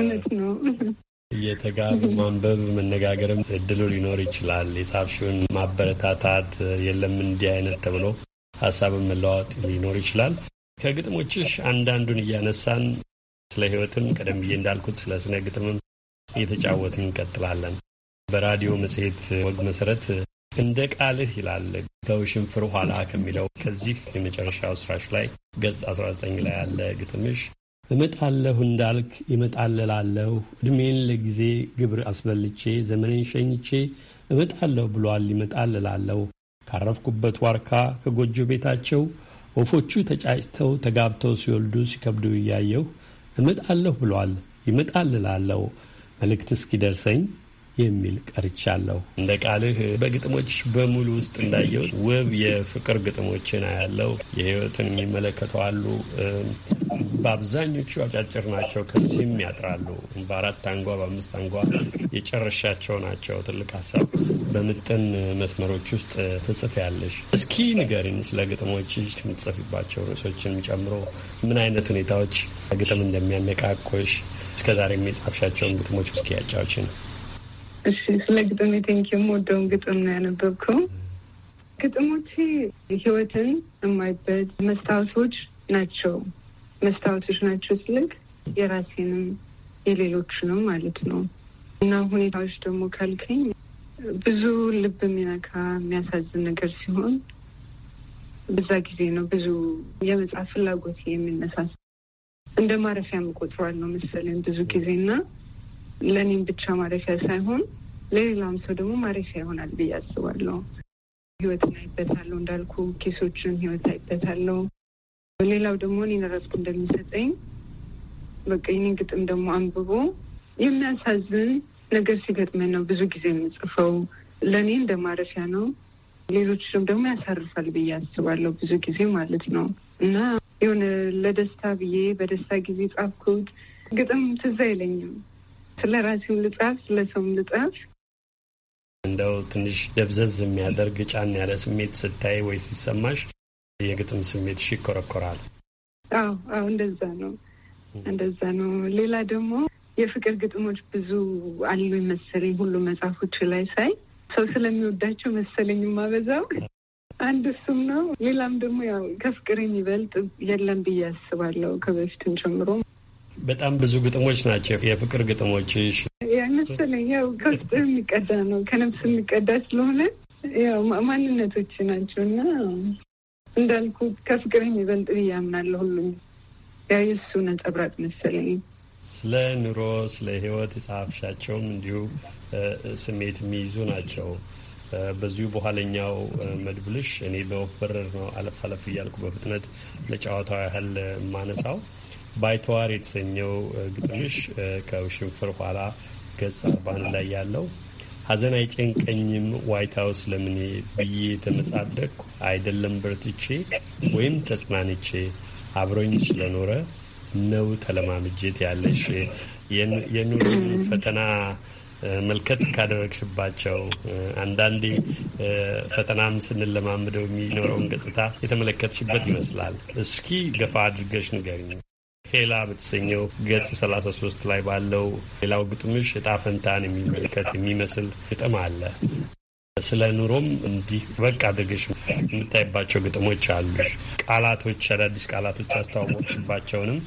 [SPEAKER 1] እውነት ነው። እየተጋሩ ማንበብ መነጋገርም እድሉ ሊኖር ይችላል። የጻፍሽውን ማበረታታት የለም እንዲህ አይነት ተብሎ ሀሳብን መለዋወጥ ሊኖር ይችላል። ከግጥሞችሽ አንዳንዱን እያነሳን ስለ ህይወትም ቀደም ብዬ እንዳልኩት ስለ ስነ ግጥምም እየተጫወትን እንቀጥላለን። በራዲዮ መጽሔት ወግ መሰረት እንደ ቃልህ ይላል ከውሽንፍር ኋላ ከሚለው ከዚህ የመጨረሻው ስራሽ ላይ ገጽ 19 ላይ ያለ ግጥምሽ እመጣለሁ እንዳልክ ይመጣልላለሁ እድሜን ለጊዜ ግብር አስበልቼ ዘመንን ሸኝቼ እመጣለሁ ብሏል ይመጣልላለሁ ካረፍኩበት ዋርካ ከጎጆ ቤታቸው ወፎቹ ተጫጭተው ተጋብተው ሲወልዱ ሲከብዱ እያየሁ እመጣለሁ ብሏል ይመጣልላለሁ መልእክት እስኪደርሰኝ የሚል ቀርቻለሁ። እንደ ቃልህ በግጥሞች በሙሉ ውስጥ እንዳየው ውብ የፍቅር ግጥሞችን ያለው የህይወትን የሚመለከቱ አሉ። በአብዛኞቹ አጫጭር ናቸው፣ ከዚህም ያጥራሉ። በአራት አንጓ በአምስት አንጓ የጨረሻቸው ናቸው። ትልቅ ሀሳብ በምጥን መስመሮች ውስጥ ትጽፍ ያለሽ። እስኪ ንገሪን ስለ ግጥሞች የምትጽፊባቸው ርዕሶችን ጨምሮ ምን አይነት ሁኔታዎች ግጥም እንደሚያነቃቆሽ እስከዛሬ የጻፍሻቸውን ግጥሞች እስኪ ያጫዎችን
[SPEAKER 3] እሺ፣ ስለ ግጥሜ ቴንኪ የምወደውን ግጥም ነው ያነበብከው። ግጥሞቼ ህይወትን የማይበት መስታወቶች ናቸው። መስታወቶች ናቸው ስልክ የራሴንም የሌሎችንም ማለት ነው። እና ሁኔታዎች ደግሞ ካልከኝ ብዙ ልብ የሚነካ የሚያሳዝን ነገር ሲሆን በዛ ጊዜ ነው ብዙ የመጽሐፍ ፍላጎት የሚነሳ እንደ ማረፊያ መቆጥሯል ነው መሰለኝ ብዙ ጊዜ እና ለእኔም ብቻ ማረፊያ ሳይሆን ለሌላም ሰው ደግሞ ማረፊያ ይሆናል ብዬ አስባለሁ። ህይወትን አይበታለሁ እንዳልኩ ኬሶችን ህይወት አይበታለሁ። ሌላው ደግሞ እኔን እረፍት እንደሚሰጠኝ በቃ ይህንን ግጥም ደግሞ አንብቦ የሚያሳዝን ነገር ሲገጥመን ነው ብዙ ጊዜ የምጽፈው። ለእኔ እንደ ማረፊያ ነው፣ ሌሎችም ደግሞ ያሳርፋል ብዬ አስባለሁ ብዙ ጊዜ ማለት ነው እና የሆነ ለደስታ ብዬ በደስታ ጊዜ ጻፍኩት ግጥም ትዝ አይለኝም ስለ ራሴም ልጻፍ ስለ ሰውም ልጻፍ
[SPEAKER 1] እንደው ትንሽ ደብዘዝ የሚያደርግ ጫን ያለ ስሜት ስታይ ወይ ሲሰማሽ የግጥም ስሜት ሽ ይኮረኮራል።
[SPEAKER 3] አዎ አዎ፣ እንደዛ ነው እንደዛ ነው። ሌላ ደግሞ የፍቅር ግጥሞች ብዙ አሉ መሰለኝ ሁሉ መጽሐፎች ላይ ሳይ ሰው ስለሚወዳቸው መሰለኝ የማበዛው አንድ እሱም ነው። ሌላም ደግሞ ያው ከፍቅር የሚበልጥ የለም ብዬ አስባለሁ ከበፊትም ጀምሮ
[SPEAKER 1] በጣም ብዙ ግጥሞች ናቸው የፍቅር ግጥሞች
[SPEAKER 3] መሰለኝ ያው ከውስጥ የሚቀዳ ነው ከነፍስ የሚቀዳ ስለሆነ ያው ማንነቶች ናቸው እና እንዳልኩ ከፍቅር የሚበልጥ ብዬ አምናለሁ። ሁሉም ያው የእሱ ነጸብራቅ መሰለኝ።
[SPEAKER 1] ስለ ኑሮ፣ ስለ ህይወት የጻፍሻቸውም እንዲሁ ስሜት የሚይዙ ናቸው። በዚሁ በኋለኛው መድብልሽ እኔ በወፍ በረር ነው አለፍ አለፍ እያልኩ በፍጥነት ለጨዋታው ያህል የማነሳው ባይተዋር የተሰኘው ግጥምሽ ከውሽንፍር ኋላ ገጽ አርባን ላይ ያለው ሀዘን አይጨንቀኝም ዋይታውስ ለምኔ ብዬ የተመጻደቅኩ አይደለም በርትቼ ወይም ተጽናንቼ አብሮኝ ስለኖረ ነው ተለማምጄት ያለሽ የኑሮ ፈተና መልከት ካደረግሽባቸው አንዳንዴ ፈተናም ስንለማምደው የሚኖረውን ገጽታ የተመለከትሽበት ይመስላል። እስኪ ገፋ አድርገሽ ንገሪኝ። ሄላ በተሰኘው ገጽ 33 ላይ ባለው ሌላው ግጥምሽ እጣ ፈንታን የሚመለከት የሚመስል ግጥም አለ። ስለ ኑሮም እንዲህ በቃ አድርገሽ የምታይባቸው ግጥሞች አሉሽ። ቃላቶች፣ አዳዲስ ቃላቶች አስተዋወቅሽባቸውንም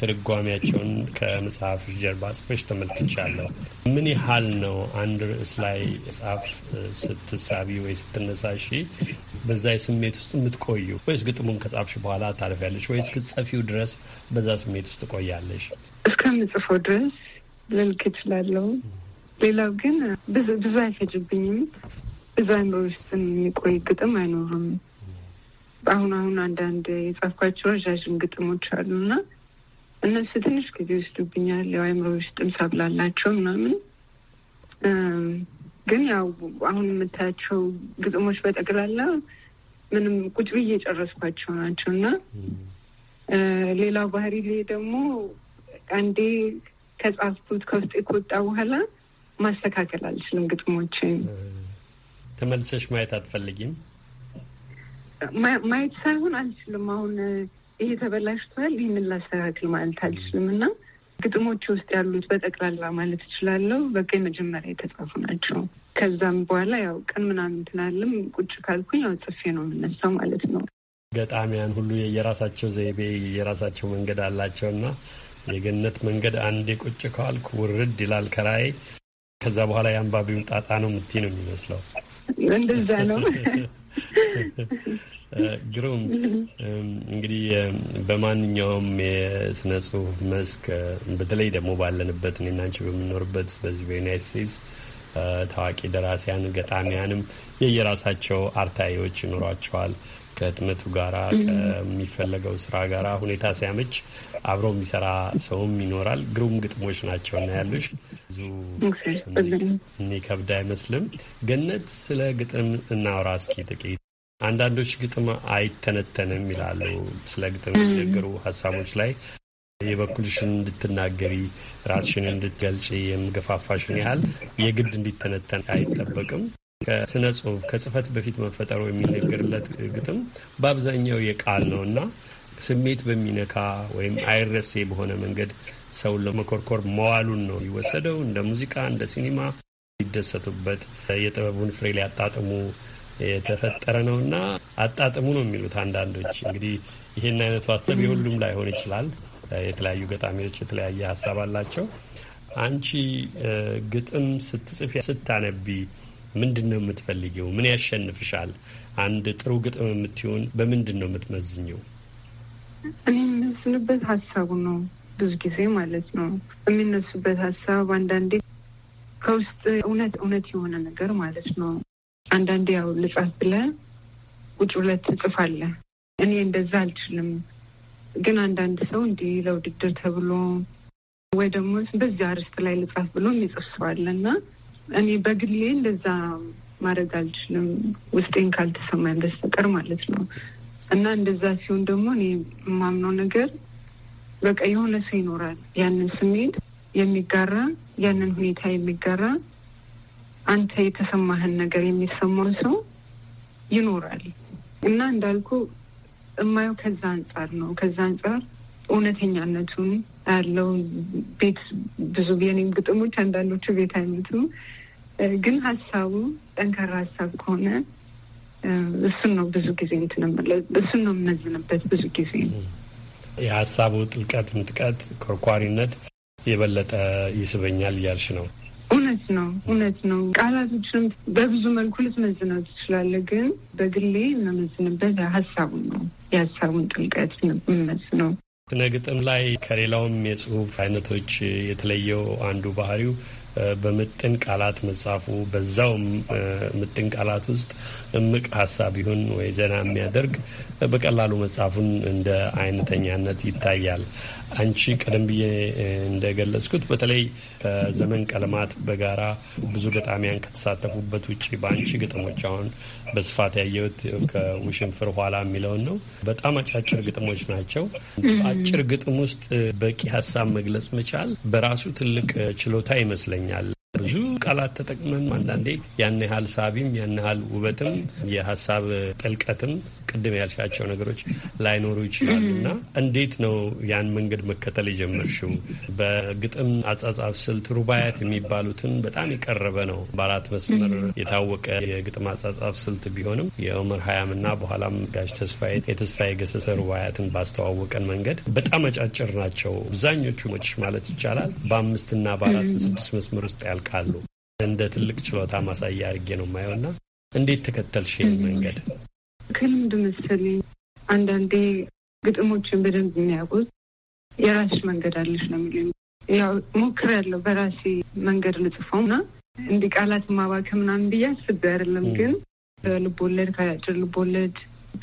[SPEAKER 1] ትርጓሚያቸውን ከመጽሐፍሽ ጀርባ ጽፈሽ ተመልክቻለሁ። ምን ያህል ነው አንድ ርዕስ ላይ ጻፍ ስትሳቢ ወይ ስትነሳሺ በዛ ስሜት ውስጥ የምትቆዩ ወይስ ግጥሙን ከጻፍሽ በኋላ ታርፊያለሽ ወይስ እስክትጽፊው ድረስ በዛ ስሜት ውስጥ ትቆያለሽ?
[SPEAKER 3] እስከምጽፎ ድረስ ልልክ እችላለሁ። ሌላው ግን ብዙ አይፈጅብኝም። እዛ አእምሮ ውስጥ የሚቆይ ግጥም አይኖርም። አሁን አሁን አንዳንድ የጻፍኳቸው ረዣዥም ግጥሞች አሉ እና እነሱ ትንሽ ጊዜ ይወስዱብኛል። ያው አእምሮ ውስጥም ሳብላላቸው ምናምን ግን ያው አሁን የምታያቸው ግጥሞች በጠቅላላ ምንም ቁጭ ብዬ የጨረስኳቸው ናቸው እና ሌላው ባህሪ ላይ ደግሞ አንዴ ከጻፍኩት ከውስጥ ከወጣ በኋላ ማስተካከል አልችልም ግጥሞችን
[SPEAKER 1] ተመልሰሽ ማየት አትፈልጊም?
[SPEAKER 3] ማየት ሳይሆን አልችልም። አሁን ይሄ ተበላሽቷል፣ ይህንን ላስተካክል ማለት አልችልም እና ግጥሞች ውስጥ ያሉት በጠቅላላ ማለት እችላለሁ። በቃ የመጀመሪያ የተጻፉ ናቸው። ከዛም በኋላ ያው ቀን ምናምን ትናልም ቁጭ ካልኩኝ ያው ጽፌ ነው የምነሳው ማለት ነው።
[SPEAKER 1] ገጣሚያን ሁሉ የየራሳቸው ዘይቤ የየራሳቸው መንገድ አላቸው እና የገነት መንገድ አንዴ ቁጭ ካልኩ ውርድ ይላል ከራይ። ከዛ በኋላ የአንባቢውን ጣጣ ነው ምቲ ነው የሚመስለው
[SPEAKER 3] እንደዛ ነው።
[SPEAKER 1] ግሩም እንግዲህ በማንኛውም የስነ ጽሁፍ መስክ በተለይ ደግሞ ባለንበት እኔና አንቺ በምንኖርበት በዚህ በዩናይት ስቴትስ ታዋቂ ደራሲያን ገጣሚያንም የየራሳቸው አርታዎች ይኖሯቸዋል። ከህትመቱ ጋራ ከሚፈለገው ስራ ጋራ ሁኔታ ሲያመች አብሮ የሚሰራ ሰውም ይኖራል። ግሩም ግጥሞች ናቸው እና ያሉሽ ብዙ የሚከብድ አይመስልም። ገነት፣ ስለ ግጥም እናውራ እስኪ ጥቂት። አንዳንዶች ግጥም አይተነተንም ይላሉ። ስለ ግጥም የሚነገሩ ሀሳቦች ላይ የበኩልሽን እንድትናገሪ ራስሽን እንድትገልጭ የምገፋፋሽን ያህል የግድ እንዲተነተን አይጠበቅም። ከስነ ጽሁፍ ከጽህፈት በፊት መፈጠሩ የሚነገርለት ግጥም በአብዛኛው የቃል ነው እና ስሜት በሚነካ ወይም አይረሴ በሆነ መንገድ ሰው ለመኮርኮር መዋሉን ነው የሚወሰደው። እንደ ሙዚቃ፣ እንደ ሲኒማ ሊደሰቱበት የጥበቡን ፍሬ ሊያጣጥሙ የተፈጠረ ነው እና አጣጥሙ ነው የሚሉት አንዳንዶች። እንግዲህ ይህን አይነቱ ሀሳብ የሁሉም ላይሆን ይችላል። የተለያዩ ገጣሚዎች የተለያየ ሀሳብ አላቸው። አንቺ ግጥም ስትጽፊ ስታነቢ ምንድን ነው የምትፈልጊው? ምን ያሸንፍሻል? አንድ ጥሩ ግጥም የምትሆን በምንድን ነው የምትመዝኘው?
[SPEAKER 3] እኔ የምነስንበት ሀሳቡ ነው ብዙ ጊዜ ማለት ነው የሚነሱበት ሀሳብ አንዳንዴ ከውስጥ እውነት እውነት የሆነ ነገር ማለት ነው። አንዳንዴ ያው ልጻፍ ብለህ ቁጭ ብለህ ትጽፋለህ። እኔ እንደዛ አልችልም፣ ግን አንዳንድ ሰው እንዲህ ለውድድር ተብሎ ወይ ደግሞ በዚህ አርዕስት ላይ ልጻፍ ብሎ የሚጽፍ ሰው አለ እና እኔ በግሌ እንደዛ ማድረግ አልችልም፣ ውስጤን ካልተሰማኝ በስተቀር ማለት ነው። እና እንደዛ ሲሆን ደግሞ እኔ የማምነው ነገር በቃ የሆነ ሰው ይኖራል ያንን ስሜት የሚጋራ ያንን ሁኔታ የሚጋራ አንተ የተሰማህን ነገር የሚሰማውን ሰው ይኖራል። እና እንዳልኩ እማየው ከዛ አንጻር ነው። ከዛ አንጻር እውነተኛነቱን ያለው ቤት ብዙ የኔም ግጥሞች አንዳንዶቹ ቤት አይነቱ ግን ሀሳቡ ጠንካራ ሀሳብ ከሆነ እሱን ነው ብዙ ጊዜ እሱን ነው የምመዝንበት ብዙ ጊዜ
[SPEAKER 1] የሀሳቡ ጥልቀት፣ ምጥቀት፣ ኮርኳሪነት የበለጠ ይስበኛል እያልሽ ነው።
[SPEAKER 3] እውነት ነው፣ እውነት ነው። ቃላቶችንም በብዙ መልኩ ልትመዝነው ትችላለህ፣ ግን በግሌ የምመዝንበት ሀሳቡን ነው። የሀሳቡን ጥልቀት የምመዝነው
[SPEAKER 1] ስነ ግጥም ላይ ከሌላውም የጽሁፍ አይነቶች የተለየው አንዱ ባህሪው በምጥን ቃላት መጻፉ በዛው ምጥን ቃላት ውስጥ እምቅ ሀሳብ ይሁን ወይ ዘና የሚያደርግ በቀላሉ መጻፉን እንደ አይነተኛነት ይታያል። አንቺ ቀደም ብዬ እንደገለጽኩት በተለይ ከዘመን ቀለማት በጋራ ብዙ ገጣሚያን ከተሳተፉበት ውጭ በአንቺ ግጥሞች አሁን በስፋት ያየሁት ከውሽንፍር ኋላ የሚለውን ነው። በጣም አጫጭር ግጥሞች ናቸው። አጭር ግጥም ውስጥ በቂ ሀሳብ መግለጽ መቻል በራሱ ትልቅ ችሎታ ይመስለኛል። ይመስለኛል። ብዙ ቃላት ተጠቅመን አንዳንዴ ያን ያህል ሳቢም ያን ያህል ውበትም የሀሳብ ጥልቀትም ቅድም ያልሻቸው ነገሮች ላይኖሩ ይችላሉ እና እንዴት ነው ያን መንገድ መከተል የጀመርሽው? በግጥም አጻጻፍ ስልት ሩባያት የሚባሉትን በጣም የቀረበ ነው። በአራት መስመር የታወቀ የግጥም አጻጻፍ ስልት ቢሆንም የኦመር ሀያም እና በኋላም ጋሽ ተስፋዬ የተስፋዬ ገሰሰ ሩባያትን ባስተዋወቀን መንገድ በጣም አጫጭር ናቸው አብዛኞቹ ማለት ይቻላል። በአምስትና በአራት በስድስት መስመር ውስጥ ያልቃሉ። እንደ ትልቅ ችሎታ ማሳያ አድርጌ ነው ማየውና እንዴት ተከተልሽ መንገድ?
[SPEAKER 3] ከልምድ መሰለኝ። አንዳንዴ ግጥሞችን በደንብ የሚያውቁት የራስሽ መንገድ አለሽ ነው የሚሉኝ። ያው ሞክር ያለው በራሴ መንገድ ልጽፈው እና እንዲህ ቃላት ማባከ ምናምን ብዬ አስቤ አይደለም ግን ከልቦለድ ከአጭር ልቦለድ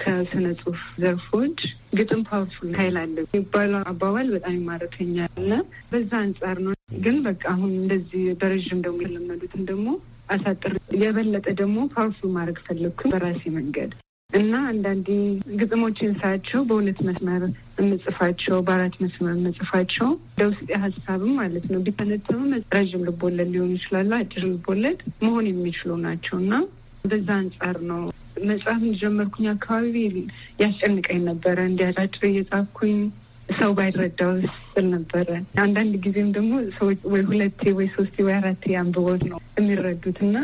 [SPEAKER 3] ከስነ ጽሁፍ ዘርፎች ግጥም ፓወርፉል ኃይል አለ የሚባለው አባባል በጣም ይማረከኛል እና በዛ አንጻር ነው። ግን በቃ አሁን እንደዚህ በረዥም ደግሞ የለመዱትን ደግሞ አሳጥር የበለጠ ደግሞ ፓወርፉል ማድረግ ፈለግኩኝ በራሴ መንገድ እና አንዳንዴ ግጥሞችን ሳያቸው በሁለት መስመር የምጽፋቸው በአራት መስመር የምጽፋቸው ለውስጥ ሀሳብም ማለት ነው ቢተነተሙ ረዥም ልቦለድ ሊሆኑ ይችላሉ፣ አጭር ልቦለድ መሆን የሚችሉ ናቸው እና በዛ አንጻር ነው መጽሐፍ እንደጀመርኩኝ አካባቢ ያስጨንቀኝ ነበረ። እንዲያጫጭር እየጻፍኩኝ ሰው ባይረዳው ስል ነበረ። አንዳንድ ጊዜም ደግሞ ሰዎች ወይ ሁለቴ ወይ ሶስቴ ወይ አራቴ አንብቦት ነው የሚረዱት እና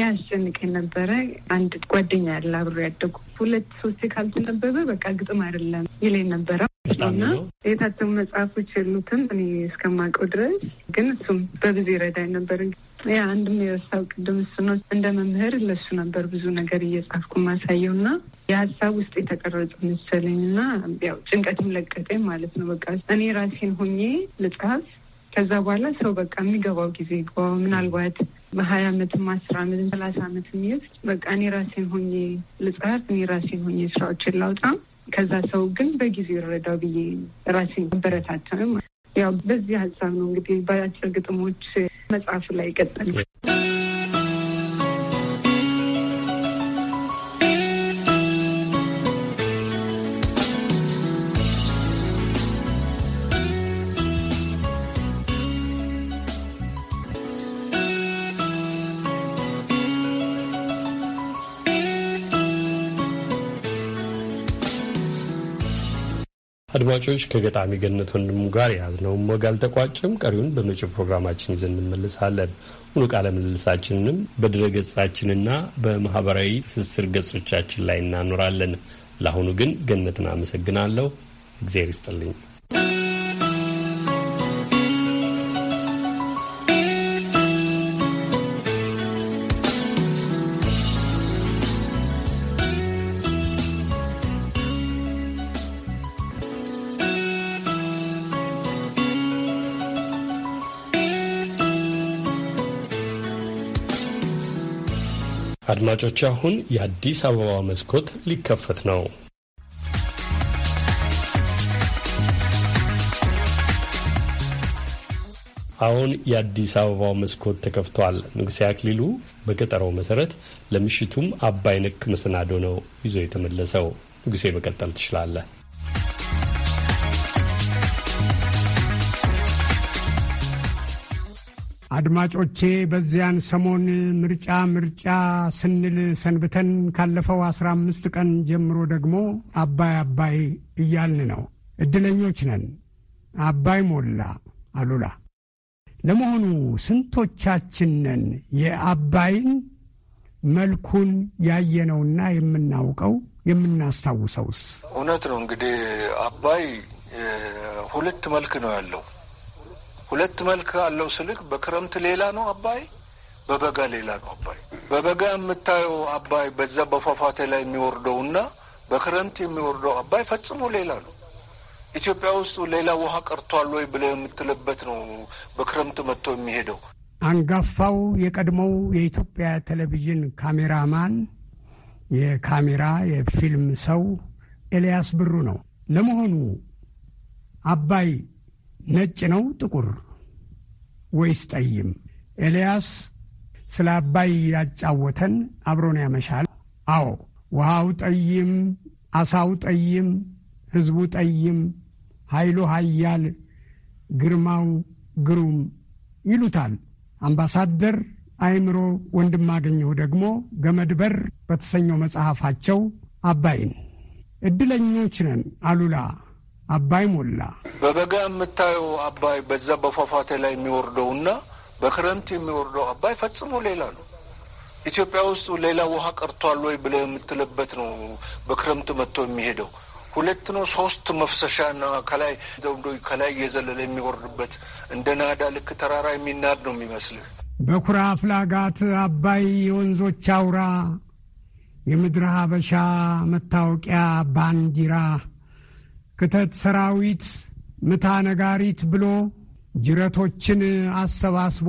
[SPEAKER 3] ያስጨንቀኝ ነበረ። አንድ ጓደኛ ያለ አብሮ ያደጉ ሁለት ሶስት ካልተነበበ በቃ ግጥም አይደለም ይለኝ ነበረ እና የታተሙ መጽሐፎች የሉትም እኔ እስከማውቀው ድረስ ግን እሱም በብዙ ይረዳኝ ነበር። ያ አንድም የረሳው ቅድም እሱ ነው። እንደ መምህር ለሱ ነበር ብዙ ነገር እየጻፍኩ ማሳየው እና የሀሳብ ውስጥ የተቀረጹ መሰለኝ እና ያው ጭንቀትም ለቀቀኝ ማለት ነው። በቃ እኔ ራሴን ሆኜ ልጻፍ ከዛ በኋላ ሰው በቃ የሚገባው ጊዜ ይግባ። ምናልባት በሀያ አመትም አስር አመትም ሰላሳ አመት የሚወስድ በቃ እኔ ራሴን ሆኜ ልጽሀፍ፣ እኔ ራሴን ሆኜ ስራዎችን ላውጣ፣ ከዛ ሰው ግን በጊዜው ይረዳው ብዬ ራሴን አበረታታም። ያው በዚህ ሀሳብ ነው እንግዲህ በአጭር ግጥሞች መጽሐፉ ላይ ይቀጠል።
[SPEAKER 1] አድማጮች ከገጣሚ ገነት ወንድሙ ጋር የያዝነውም ወግ አልተቋጭም። ቀሪውን በመጪው ፕሮግራማችን ይዘን እንመልሳለን። ሙሉ ቃለ ምልልሳችንንም በድረ ገጻችንና በማህበራዊ ትስስር ገጾቻችን ላይ እናኖራለን። ለአሁኑ ግን ገነትን አመሰግናለሁ። እግዜር ይስጥልኝ። አድማጮች አሁን የአዲስ አበባ መስኮት ሊከፈት ነው። አሁን የአዲስ አበባው መስኮት ተከፍቷል። ንጉሴ አክሊሉ በቀጠሮው መሰረት ለምሽቱም አባይ ነክ መሰናዶ ነው ይዞ የተመለሰው። ንጉሴ መቀጠል ትችላለህ።
[SPEAKER 6] አድማጮቼ በዚያን ሰሞን ምርጫ ምርጫ ስንል ሰንብተን ካለፈው አስራ አምስት ቀን ጀምሮ ደግሞ አባይ አባይ እያልን ነው። እድለኞች ነን። አባይ ሞላ አሉላ። ለመሆኑ ስንቶቻችን ነን የአባይን መልኩን ያየነውና የምናውቀው የምናስታውሰውስ?
[SPEAKER 7] እውነት ነው እንግዲህ አባይ ሁለት መልክ ነው ያለው ሁለት መልክ አለው ስልክ በክረምት ሌላ ነው አባይ፣ በበጋ ሌላ ነው አባይ። በበጋ የምታየው አባይ በዛ በፏፏቴ ላይ የሚወርደው እና በክረምት የሚወርደው አባይ ፈጽሞ ሌላ ነው። ኢትዮጵያ ውስጥ ሌላ ውሃ ቀርቷል ወይ ብለህ የምትልበት ነው። በክረምት መጥቶ የሚሄደው
[SPEAKER 6] አንጋፋው የቀድሞው የኢትዮጵያ ቴሌቪዥን ካሜራማን የካሜራ የፊልም ሰው ኤልያስ ብሩ ነው። ለመሆኑ አባይ ነጭ ነው ጥቁር ወይስ ጠይም? ኤልያስ ስለ አባይ ያጫወተን አብሮን ያመሻል። አዎ ውሃው ጠይም፣ አሳው ጠይም፣ ሕዝቡ ጠይም፣ ኃይሉ ኃያል፣ ግርማው ግሩም ይሉታል። አምባሳደር አይምሮ ወንድማገኘው ደግሞ ገመድ በር በተሰኘው መጽሐፋቸው አባይን እድለኞች ነን አሉላ አባይ ሞላ
[SPEAKER 7] በበጋ የምታየው አባይ በዛ በፏፏቴ ላይ የሚወርደው እና በክረምት የሚወርደው አባይ ፈጽሞ ሌላ ነው። ኢትዮጵያ ውስጥ ሌላ ውሃ ቀርቷል ወይ ብለ የምትልበት ነው። በክረምት መጥቶ የሚሄደው ሁለት ነው ሶስት መፍሰሻና ከላይ ከላይ እየዘለለ የሚወርድበት እንደ ናዳ ልክ ተራራ የሚናድ ነው የሚመስልህ።
[SPEAKER 6] በኩራ ፍላጋት አባይ የወንዞች አውራ የምድረ ሀበሻ መታወቂያ ባንዲራ ክተት ሰራዊት፣ ምታ ነጋሪት ብሎ ጅረቶችን አሰባስቦ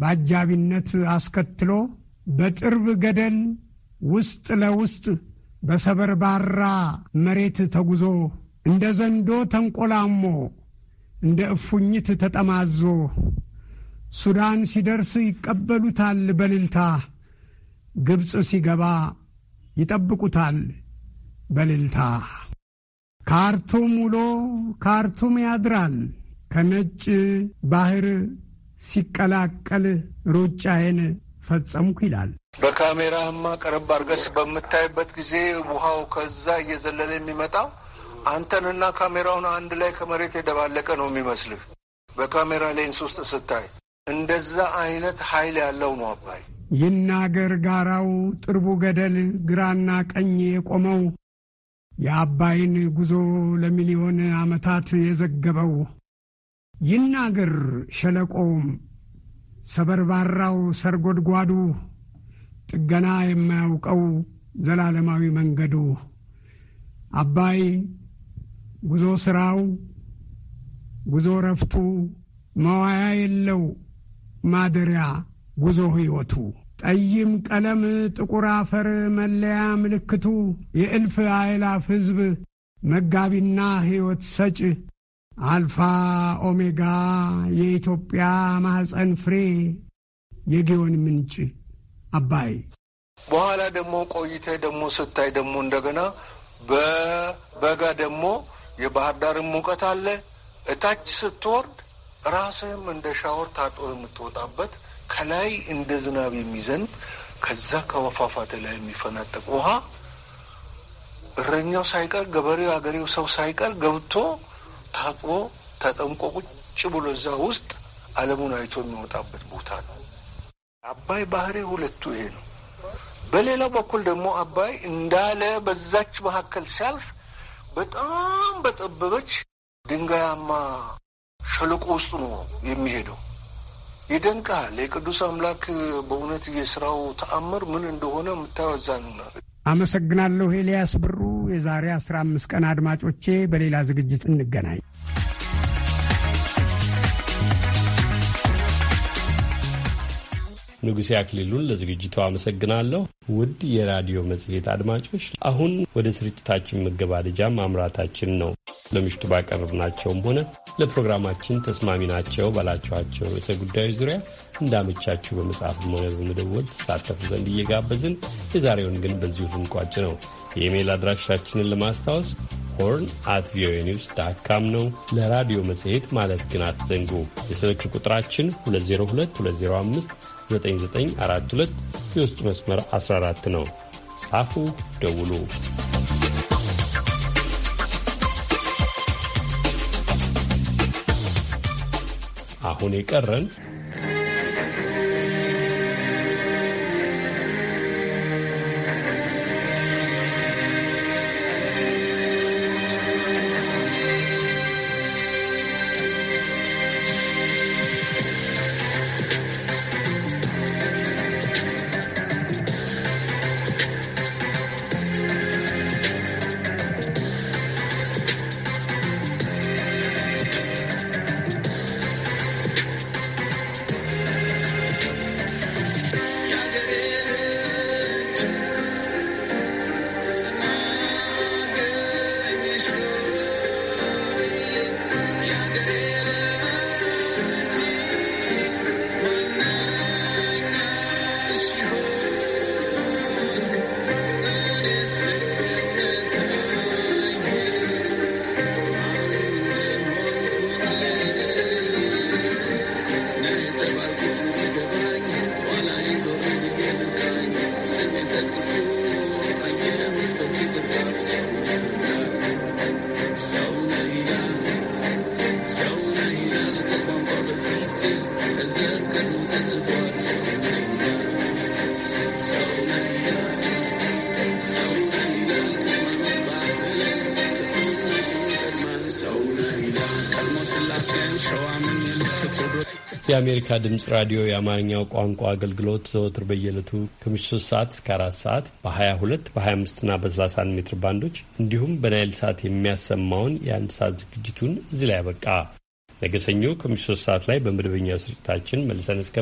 [SPEAKER 6] በአጃቢነት አስከትሎ በጥርብ ገደል ውስጥ ለውስጥ በሰበርባራ መሬት ተጉዞ እንደ ዘንዶ ተንቆላሞ እንደ እፉኝት ተጠማዞ ሱዳን ሲደርስ ይቀበሉታል በልልታ፣ ግብፅ ሲገባ ይጠብቁታል በልልታ። ካርቱም ውሎ ካርቱም ያድራል ከነጭ ባህር ሲቀላቀል ሩጫዬን ፈጸምኩ ይላል።
[SPEAKER 7] በካሜራህማ ቀረብ አድርገስ በምታይበት ጊዜ ውሃው ከዛ እየዘለለ የሚመጣው አንተንና ካሜራውን አንድ ላይ ከመሬት የደባለቀ ነው የሚመስልህ በካሜራ ሌንስ ውስጥ ስታይ
[SPEAKER 6] እንደዛ አይነት ኃይል ያለው ነው አባይ። ይናገር ጋራው ጥርቡ ገደል ግራና ቀኝ የቆመው የአባይን ጉዞ ለሚሊዮን ዓመታት የዘገበው ይናገር ሸለቆውም ሰበርባራው ሰርጎድጓዱ ጥገና የማያውቀው ዘላለማዊ መንገዱ አባይ ጉዞ ሥራው ጉዞ ረፍቱ መዋያ የለው ማደሪያ ጉዞ ሕይወቱ ጠይም ቀለም ጥቁር አፈር መለያ ምልክቱ የእልፍ አእላፍ ሕዝብ መጋቢና ሕይወት ሰጭ አልፋ ኦሜጋ የኢትዮጵያ ማኅፀን ፍሬ የጊዮን ምንጭ አባይ።
[SPEAKER 7] በኋላ ደግሞ ቆይተ ደግሞ ስታይ ደግሞ እንደገና በበጋ ደግሞ የባህር ዳርን ሙቀት አለ። እታች ስትወርድ ራስህም እንደ ሻወር ታጥቦ የምትወጣበት ከላይ እንደ ዝናብ የሚዘንብ ከዛ ከወፋፋቴ ላይ የሚፈናጠቅ ውሃ እረኛው ሳይቀር ገበሬው፣ አገሬው ሰው ሳይቀር ገብቶ ታጥቦ ተጠምቆ ቁጭ ብሎ እዛ ውስጥ ዓለሙን አይቶ የሚወጣበት ቦታ ነው። አባይ ባህሪ ሁለቱ ይሄ ነው። በሌላው በኩል ደግሞ አባይ እንዳለ በዛች መካከል ሲያልፍ በጣም በጠበበች ድንጋያማ ሸለቆ ውስጥ ነው የሚሄደው። ይደንቃል። የቅዱስ አምላክ በእውነት የስራው ተአምር ምን እንደሆነ የምታወዛን።
[SPEAKER 6] አመሰግናለሁ ኤልያስ ብሩ። የዛሬ አስራ አምስት ቀን አድማጮቼ፣ በሌላ ዝግጅት እንገናኝ።
[SPEAKER 1] ንጉሴ አክሊሉን ለዝግጅቱ አመሰግናለሁ። ውድ የራዲዮ መጽሔት አድማጮች አሁን ወደ ስርጭታችን መገባደጃ ማምራታችን ነው። ለምሽቱ ባቀረብናቸውም ሆነ ለፕሮግራማችን ተስማሚ ናቸው ባላችኋቸው ርዕሰ ጉዳዮች ዙሪያ እንዳመቻችሁ በመጻፍም ሆነ በመደወል ትሳተፉ ዘንድ እየጋበዝን የዛሬውን ግን በዚሁ ልንቋጭ ነው። የኢሜይል አድራሻችንን ለማስታወስ ሆርን አት ቪኦኤ ኒውስ ዳት ካም ነው። ለራዲዮ መጽሔት ማለት ግን አትዘንጉ። የስልክ ቁጥራችን 202 205 9942 የውስጥ መስመር 14 ነው። ጻፉ፣ ደውሉ። አሁን የቀረን የአሜሪካ ድምፅ ራዲዮ የአማርኛው ቋንቋ አገልግሎት ዘወትር በየለቱ ከምሽቱ 3 ሰዓት እስከ 4 ሰዓት በ22 በ25ና በ31 ሜትር ባንዶች እንዲሁም በናይል ሰዓት የሚያሰማውን የአንድ ሰዓት ዝግጅቱን እዚህ ላይ ያበቃ። ነገ ሰኞ ከምሽቱ 3 ሰዓት ላይ በመደበኛው ስርጭታችን መልሰን እስከ